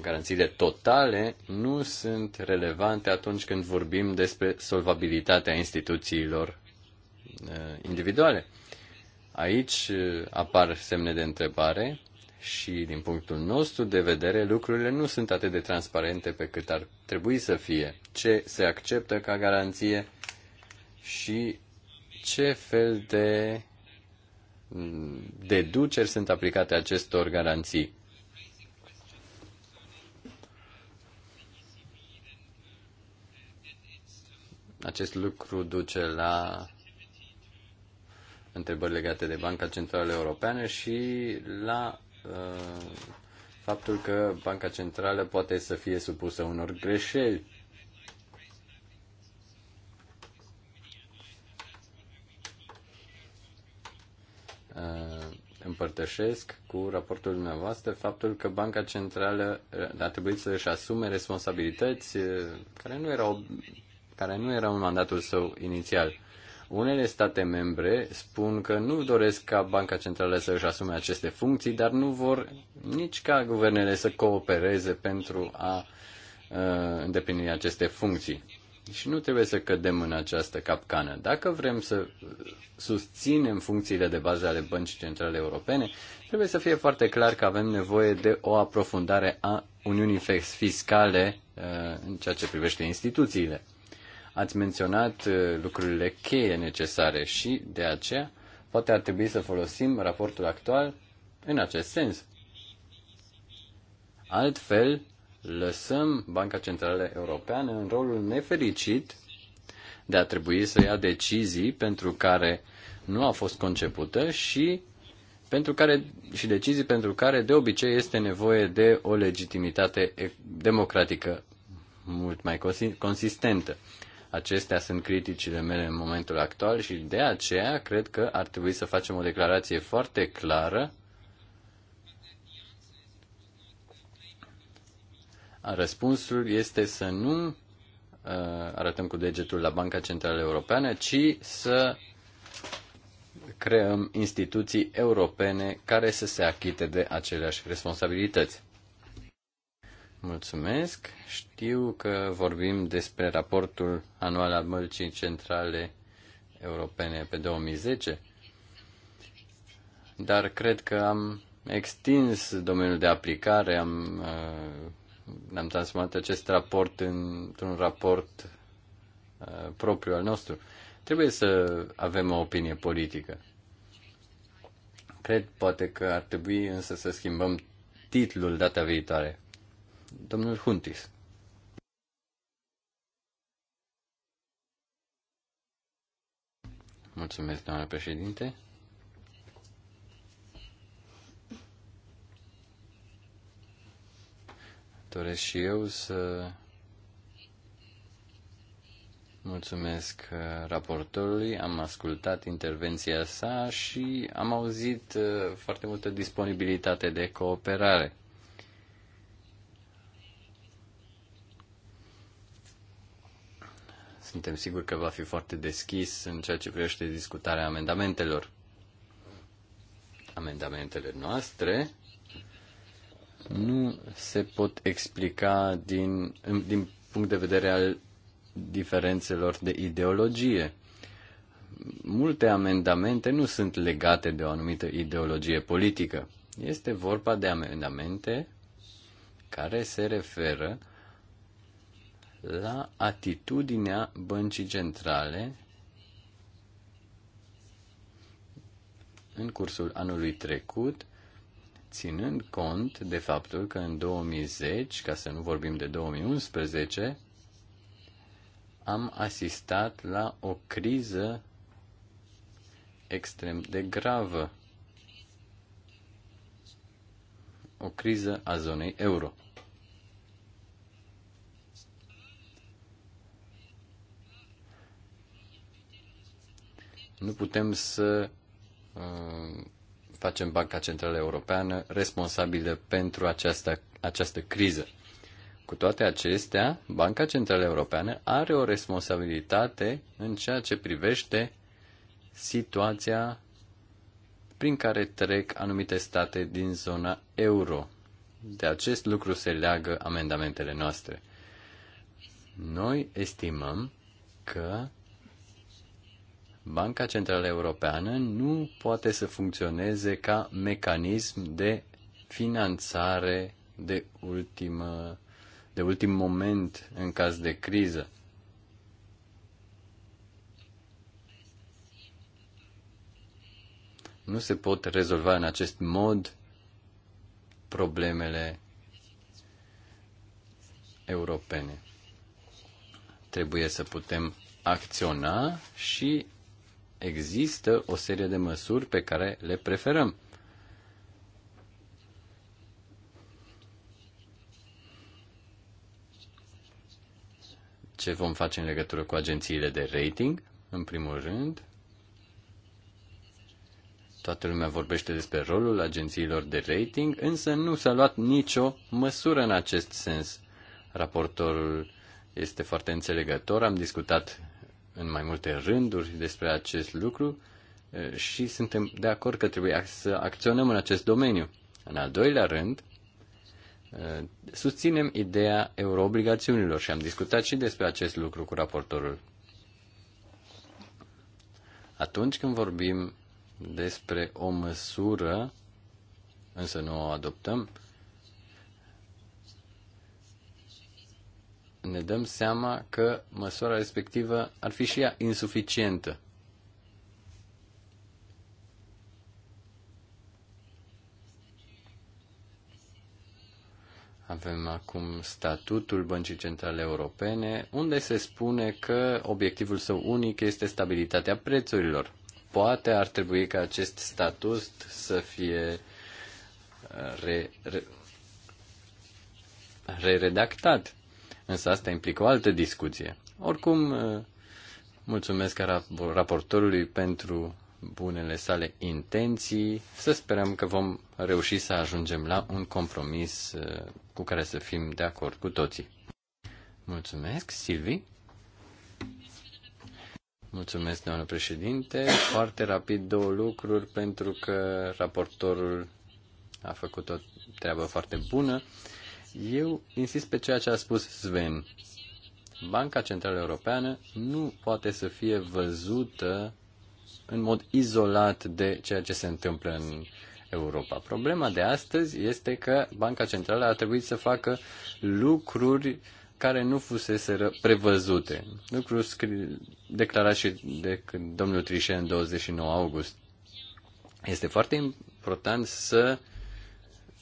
[SPEAKER 4] garanțiile totale nu sunt relevante atunci când vorbim despre solvabilitatea instituțiilor uh, individuale. Aici uh, apar semne de întrebare și din punctul nostru de vedere lucrurile nu sunt atât de transparente pe cât ar trebui să fie. Ce se acceptă ca garanție și ce fel de mm, deduceri sunt aplicate acestor garanții. Acest lucru duce la întrebări legate de Banca Centrală Europeană și la uh, faptul că Banca Centrală poate să fie supusă unor greșeli. Uh, împărtășesc cu raportul dumneavoastră faptul că Banca Centrală uh, a trebuit să își asume responsabilități uh, care nu erau care nu era în mandatul său inițial. Unele state membre spun că nu doresc ca Banca Centrală să își asume aceste funcții, dar nu vor nici ca guvernele să coopereze pentru a uh, îndeplini aceste funcții. Și nu trebuie să cădem în această capcană. Dacă vrem să susținem funcțiile de bază ale băncii centrale europene, trebuie să fie foarte clar că avem nevoie de o aprofundare a Uniunii fiscale uh, în ceea ce privește instituțiile. Ați menționat uh, lucrurile cheie necesare și, de aceea, poate ar trebui să folosim raportul actual în acest sens. Altfel, lăsăm Banca Centrală Europeană în rolul nefericit de a trebui să ia decizii pentru care nu a fost concepută și pentru care și decizii pentru care de obicei este nevoie de o legitimitate democratică mult mai consistentă. Acestea sunt criticile mele în momentul actual și de aceea cred că ar trebui să facem o declarație foarte clară Răspunsul este să nu uh, arătăm cu degetul la Banca Centrală Europeană, ci să creăm instituții europene care să se achite de aceleași responsabilități. Mulțumesc. Știu că vorbim despre raportul anual al Mărcii Centrale Europene pe 2010, dar cred că am extins domeniul de aplicare, am, uh, am transformat acest raport în, într-un raport uh, propriu al nostru. Trebuie să avem o opinie politică. Cred poate că ar trebui însă să schimbăm titlul data viitoare Domnul Huntis. Mulțumesc, doamnă președinte. Doresc și eu să mulțumesc raportorului. Am ascultat intervenția sa și am auzit uh, foarte multă disponibilitate de cooperare. Suntem siguri că va fi foarte deschis în ceea ce privește discutarea amendamentelor. Amendamentele noastre nu se pot explica din, din punct de vedere al diferențelor de ideologie. Multe amendamente nu sunt legate de o anumită ideologie politică. Este vorba de amendamente care se referă la atitudinea băncii centrale în cursul anului trecut, ținând cont de faptul că în 2010, ca să nu vorbim de 2011, am asistat la o criză extrem de gravă, o criză a zonei euro. Nu putem să uh, facem Banca Centrală Europeană responsabilă pentru această, această criză. Cu toate acestea, Banca Centrală Europeană are o responsabilitate în ceea ce privește situația prin care trec anumite state din zona euro. De acest lucru se leagă amendamentele noastre. Noi estimăm că Banca Centrală Europeană nu poate să funcționeze ca mecanism de finanțare de, ultimă, de ultim moment în caz de criză. Nu se pot rezolva în acest mod problemele europene. Trebuie să putem acționa și există o serie de măsuri pe care le preferăm. Ce vom face în legătură cu agențiile de rating, în primul rând? Toată lumea vorbește despre rolul agențiilor de rating, însă nu s-a luat nicio măsură în acest sens. Raportorul este foarte înțelegător, am discutat în mai multe rânduri despre acest lucru și suntem de acord că trebuie să acționăm în acest domeniu. În al doilea rând, susținem ideea euroobligațiunilor și am discutat și despre acest lucru cu raportorul. Atunci când vorbim despre o măsură, însă nu o adoptăm, ne dăm seama că măsura respectivă ar fi și ea insuficientă. Avem acum statutul Băncii Centrale Europene, unde se spune că obiectivul său unic este stabilitatea prețurilor. Poate ar trebui ca acest statut să fie uh, re, re, re redactat Însă asta implică o altă discuție. Oricum, eh, mulțumesc raportorului pentru bunele sale intenții. Să sperăm că vom reuși să ajungem la un compromis eh, cu care să fim de acord cu toții. Mulțumesc, Silvi. Mulțumesc, doamnă președinte. Foarte rapid două lucruri pentru că raportorul a făcut o treabă foarte bună. Eu insist pe ceea ce a spus Sven. Banca Centrală Europeană nu poate să fie văzută în mod izolat de ceea ce se întâmplă în Europa. Problema de astăzi este că Banca Centrală a trebuit să facă lucruri care nu fusese prevăzute. Lucru declarat și de domnul Trichet în 29 august. Este foarte important să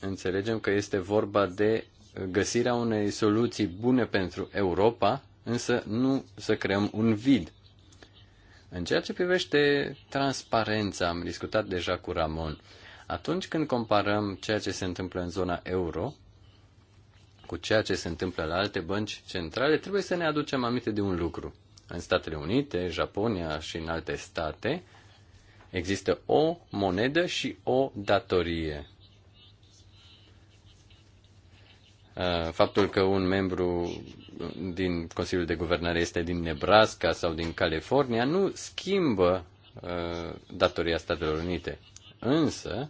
[SPEAKER 4] înțelegem că este vorba de găsirea unei soluții bune pentru Europa, însă nu să creăm un vid. În ceea ce privește transparența, am discutat deja cu Ramon. Atunci când comparăm ceea ce se întâmplă în zona euro cu ceea ce se întâmplă la alte bănci centrale, trebuie să ne aducem aminte de un lucru. În Statele Unite, Japonia și în alte state există o monedă și o datorie. Uh, faptul că un membru din Consiliul de Guvernare este din Nebraska sau din California nu schimbă uh, datoria Statelor Unite. Însă,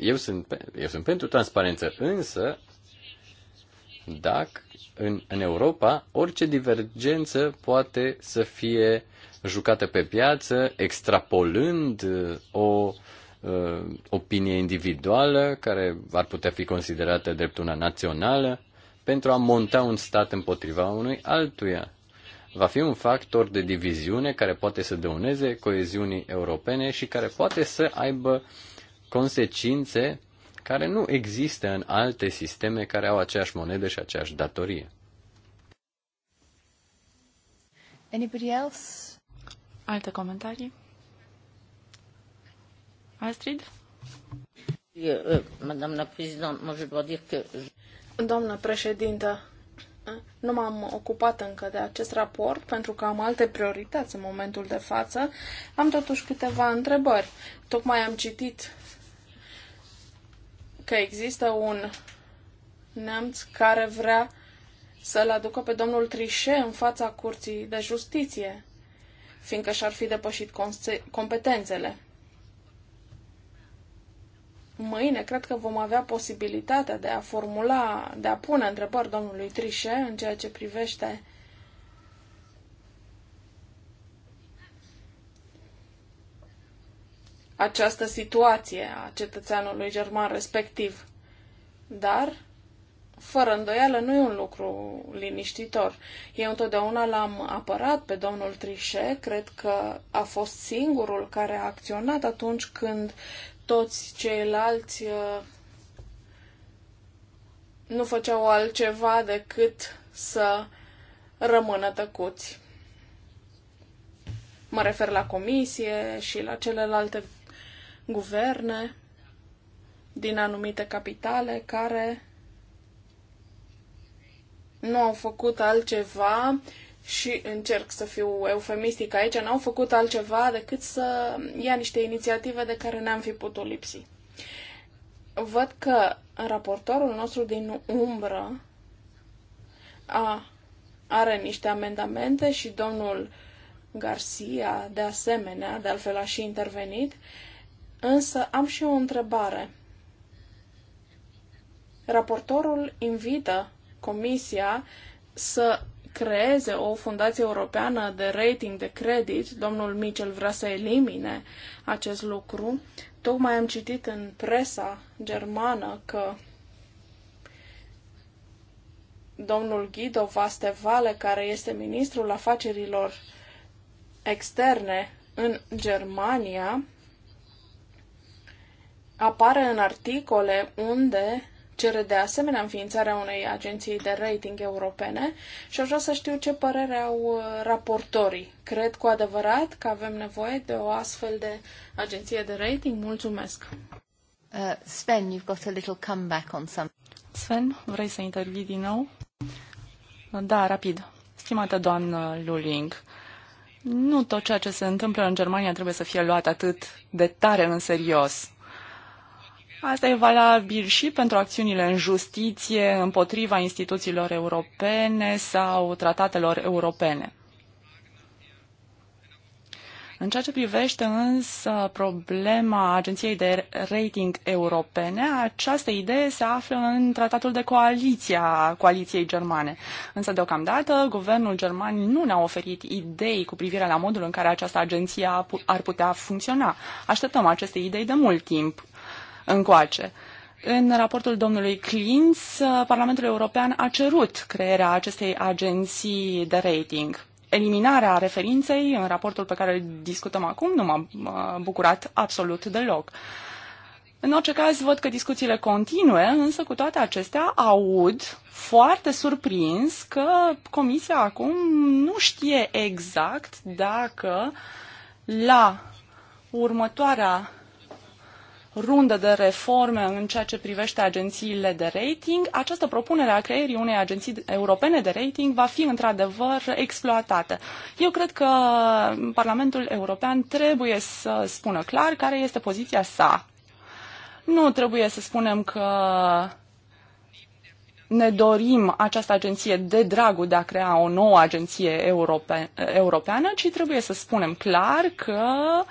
[SPEAKER 4] eu sunt, eu sunt pentru transparență, însă, dacă în, în Europa orice divergență poate să fie jucată pe piață, extrapolând uh, o uh, Uh, opinie individuală, care ar putea fi considerată drept una națională, pentru a monta un stat împotriva unui altuia. Va fi un factor de diviziune care poate să dăuneze coeziunii europene și care poate să aibă consecințe care nu există în alte sisteme care au aceeași monedă și aceeași datorie.
[SPEAKER 8] Anybody else? Alte comentarii?
[SPEAKER 9] Astrid? Doamna președintă, Doamnă președintă, nu m-am ocupat încă de acest raport pentru că am alte priorități în momentul de față. Am totuși câteva întrebări. Tocmai am citit că există un neamț care vrea să-l aducă pe domnul Trișe în fața curții de justiție, fiindcă și-ar fi depășit competențele. Mâine cred că vom avea posibilitatea de a formula, de a pune întrebări domnului Trișe în ceea ce privește această situație a cetățeanului german respectiv. Dar fără îndoială, nu e un lucru liniștitor. Eu întotdeauna l-am apărat pe domnul Trișe, cred că a fost singurul care a acționat atunci când toți ceilalți uh, nu făceau altceva decât să rămână tăcuți. Mă refer la comisie și la celelalte guverne din anumite capitale care nu au făcut altceva și încerc să fiu eufemistic aici, n-au făcut altceva decât să ia niște inițiative de care n-am fi putut lipsi. Văd că raportorul nostru din umbră a, are niște amendamente și domnul Garcia, de asemenea, de altfel a și intervenit, însă am și o întrebare. Raportorul invită Comisia să creeze o fundație europeană de rating de credit. Domnul Michel vrea să elimine acest lucru. Tocmai am citit în presa germană că domnul Guido Vastevale, care este ministrul afacerilor externe în Germania, apare în articole unde cere de asemenea înființarea unei agenții de rating europene și aș vrea să știu ce părere au uh, raportorii. Cred cu adevărat că avem nevoie de o astfel de agenție de rating. Mulțumesc! Uh, Sven, you've got a
[SPEAKER 8] little comeback on some. Sven, vrei să intervii din nou? Da, rapid. Stimată doamnă Luling, nu tot ceea ce se întâmplă în Germania trebuie să fie luat atât de tare în serios. Asta e valabil și pentru acțiunile în justiție împotriva instituțiilor europene sau tratatelor europene. În ceea ce privește însă problema agenției de rating europene, această idee se află în tratatul de coaliție a coaliției germane. Însă deocamdată guvernul german nu ne-a oferit idei cu privire la modul în care această agenție ar putea funcționa. Așteptăm aceste idei de mult timp încoace. În raportul domnului Klintz, Parlamentul European a cerut crearea acestei agenții de rating. Eliminarea referinței în raportul pe care îl discutăm acum nu m-a bucurat absolut deloc. În orice caz, văd că discuțiile continue, însă cu toate acestea aud foarte surprins că Comisia acum nu știe exact dacă la următoarea rundă de reforme în ceea ce privește agențiile de rating, această propunere a creierii unei agenții europene de rating va fi într-adevăr exploatată. Eu cred că Parlamentul European trebuie să spună clar care este poziția sa. Nu trebuie să spunem că ne dorim această agenție de dragul de a crea o nouă agenție europeană, ci trebuie să spunem clar că uh,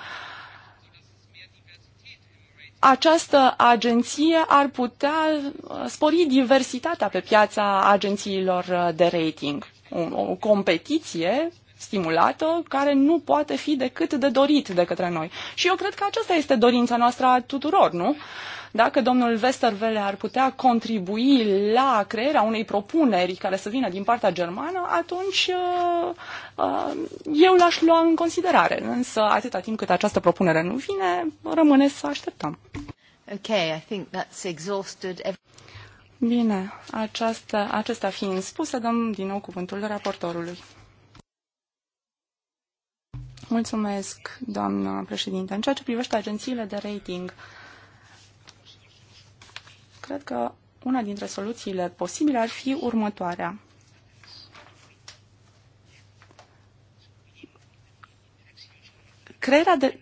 [SPEAKER 8] această agenție ar putea uh, spori diversitatea pe piața agențiilor uh, de rating. O competiție stimulată, care nu poate fi decât de dorit de către noi. Și eu cred că aceasta este dorința noastră a tuturor, nu? Uh, dacă domnul Westerwelle ar putea contribui la crearea unei propuneri care să vină din partea germană, atunci uh, uh, eu l-aș lua în considerare. Însă, atâta timp cât această propunere nu vine, rămâne să așteptăm. Okay, I think that's exhausted every... Bine, aceasta, acesta fiind spuse, dăm din nou cuvântul raportorului. Mulțumesc, doamnă președinte. În ceea ce privește agențiile de rating, uh, cred că una dintre soluțiile posibile ar fi următoarea. crearea de,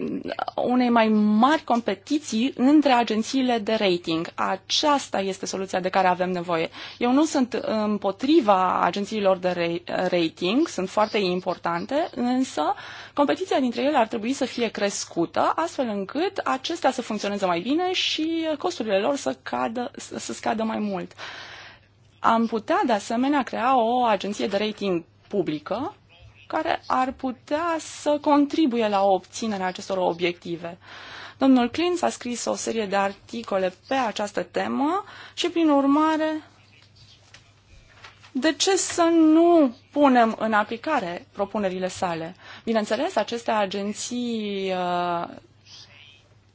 [SPEAKER 8] unei mai mari competiții între agențiile de rating. Aceasta este soluția de care avem nevoie. Eu nu sunt împotriva agențiilor de rating, sunt foarte importante, însă competiția dintre ele ar trebui să fie crescută, astfel încât acestea să funcționeze mai bine și costurile lor să, cadă, să scadă mai mult. Am putea, de asemenea, crea o agenție de rating publică care ar putea să contribuie la obținerea acestor obiective. Domnul Clint a scris o serie de articole pe această temă și, prin urmare, de ce să nu punem în aplicare propunerile sale? Bineînțeles, aceste agenții uh,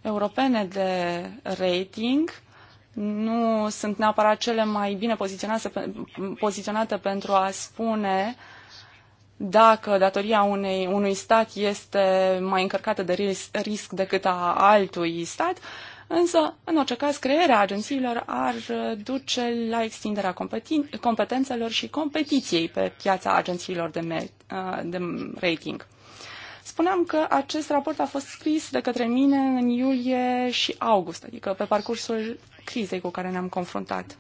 [SPEAKER 8] europene de rating nu sunt neapărat cele mai bine poziționate, poziționate pentru a spune uh, dacă datoria unei, unui stat este mai încărcată de ris, risc decât a altui stat, însă, în orice caz, crearea agențiilor ar duce la extinderea competențelor și competiției pe piața agențiilor de, uh, de rating. Spuneam că acest raport a fost scris de către mine în iulie și august, adică pe parcursul crizei cu care ne-am confruntat.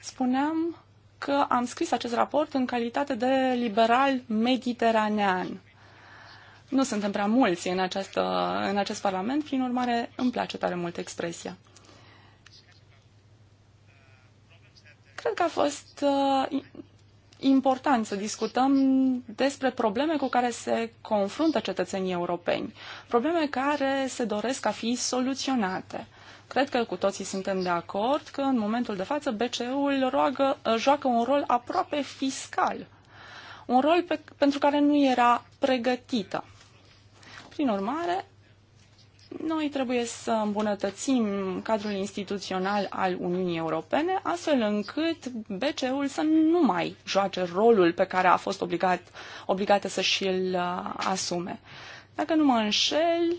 [SPEAKER 8] Spuneam că am scris acest raport în calitate de liberal mediteranean. Nu suntem prea mulți în, această, în acest parlament, prin urmare îmi place tare mult expresia. Cred că a fost uh, important să discutăm despre probleme cu care se confruntă cetățenii europeni, probleme care se doresc a fi soluționate. Cred că cu toții suntem de acord că în momentul de față BCE-ul uh, joacă un rol aproape fiscal, un rol pe, pentru care nu era pregătită. Prin urmare, noi trebuie să îmbunătățim cadrul instituțional al Uniunii Europene, astfel încât BCE-ul să nu mai joace rolul pe care a fost obligat, obligată să și-l uh, asume. Dacă nu mă înșel,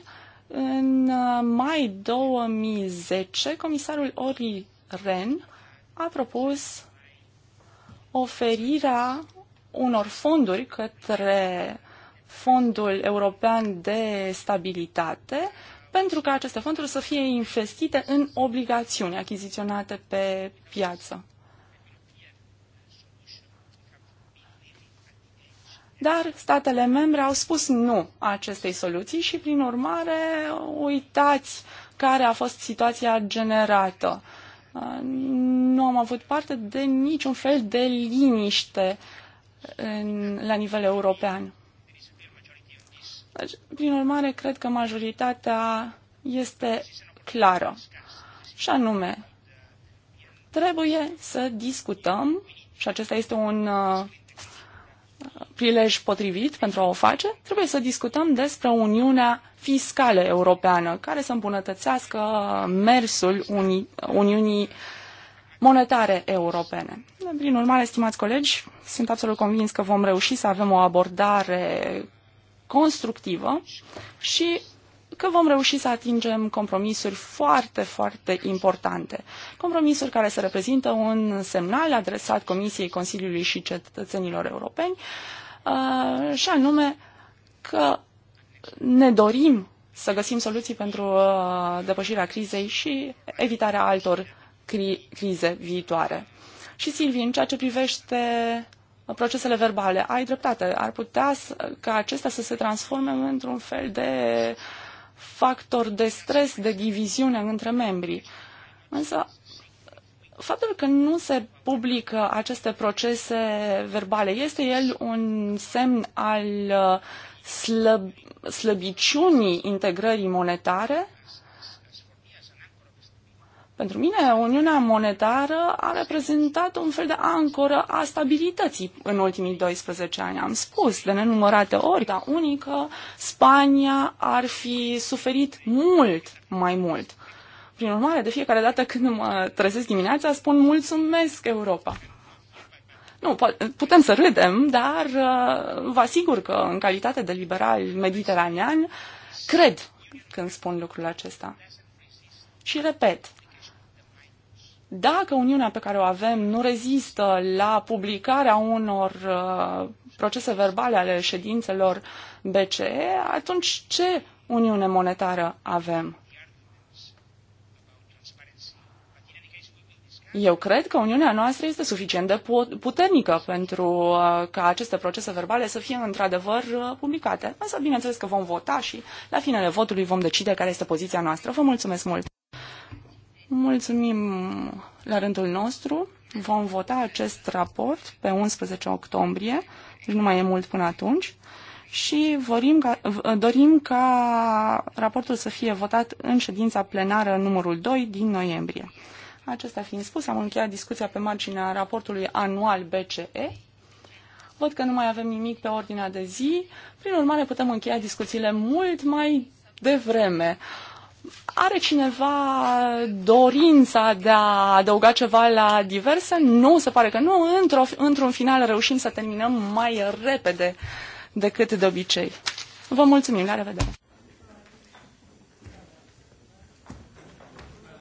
[SPEAKER 8] în uh, mai 2010, comisarul Ori Ren a propus oferirea unor fonduri către Fondul European de Stabilitate pentru ca aceste fonduri să fie investite în obligațiuni achiziționate pe piață. Dar statele membre au spus nu acestei soluții și, prin urmare, uitați care a fost situația generată. Nu am avut parte de niciun fel de liniște în, la nivel european. Deci, prin urmare, cred că majoritatea este clară. Și anume, trebuie să discutăm, și acesta este un uh, prilej potrivit pentru a o face, trebuie să discutăm despre Uniunea Fiscală Europeană, care să îmbunătățească mersul Uni- Uniunii monetare europene. Prin urmare, stimați colegi, sunt absolut convins că vom reuși să avem o abordare constructivă și că vom reuși să atingem compromisuri foarte, foarte importante. Compromisuri care să reprezintă un semnal adresat Comisiei, Consiliului și cetățenilor europeni, uh, și anume că ne dorim să găsim soluții pentru uh, depășirea crizei și evitarea altor cri- crize viitoare. Și Silvi, în ceea ce privește procesele verbale, ai dreptate. Ar putea să, ca acestea să se transforme într-un fel de uh, factor de stres, de diviziune între membrii. Însă, faptul că nu se publică aceste procese verbale, este el un semn al uh, slăb- slăbiciunii integrării monetare? Pentru mine, Uniunea Monetară a reprezentat un fel de ancoră a stabilității în ultimii 12 ani. Am spus de nenumărate ori, dar unică, Spania ar fi suferit mult mai mult. Prin urmare, de fiecare dată când mă trezesc dimineața, spun mulțumesc Europa. Nu, putem să râdem, dar uh, vă asigur că în calitate de liberal mediteranean, cred când spun lucrul acesta. Și repet, dacă Uniunea pe care o avem nu rezistă la publicarea unor uh, procese verbale ale ședințelor BCE, atunci ce Uniune monetară avem? Eu cred că Uniunea noastră este suficient de puternică pentru uh, ca aceste procese verbale să fie într-adevăr uh, publicate. Însă, bineînțeles că vom vota și la finele votului vom decide care este poziția noastră. Vă mulțumesc mult! Mulțumim la rândul nostru. Vom vota acest raport pe 11 octombrie, deci nu mai e mult până atunci, și vorim ca, dorim ca raportul să fie votat în ședința plenară numărul 2 din noiembrie. Acesta fiind spus, am încheiat discuția pe marginea raportului anual BCE. Văd că nu mai avem nimic pe ordinea de zi, prin urmare putem încheia discuțiile mult mai devreme are cineva dorința de a adăuga ceva la diverse? Nu, se pare că nu. Într-o, într-un final reușim să terminăm mai repede decât de obicei. Vă mulțumim, la revedere!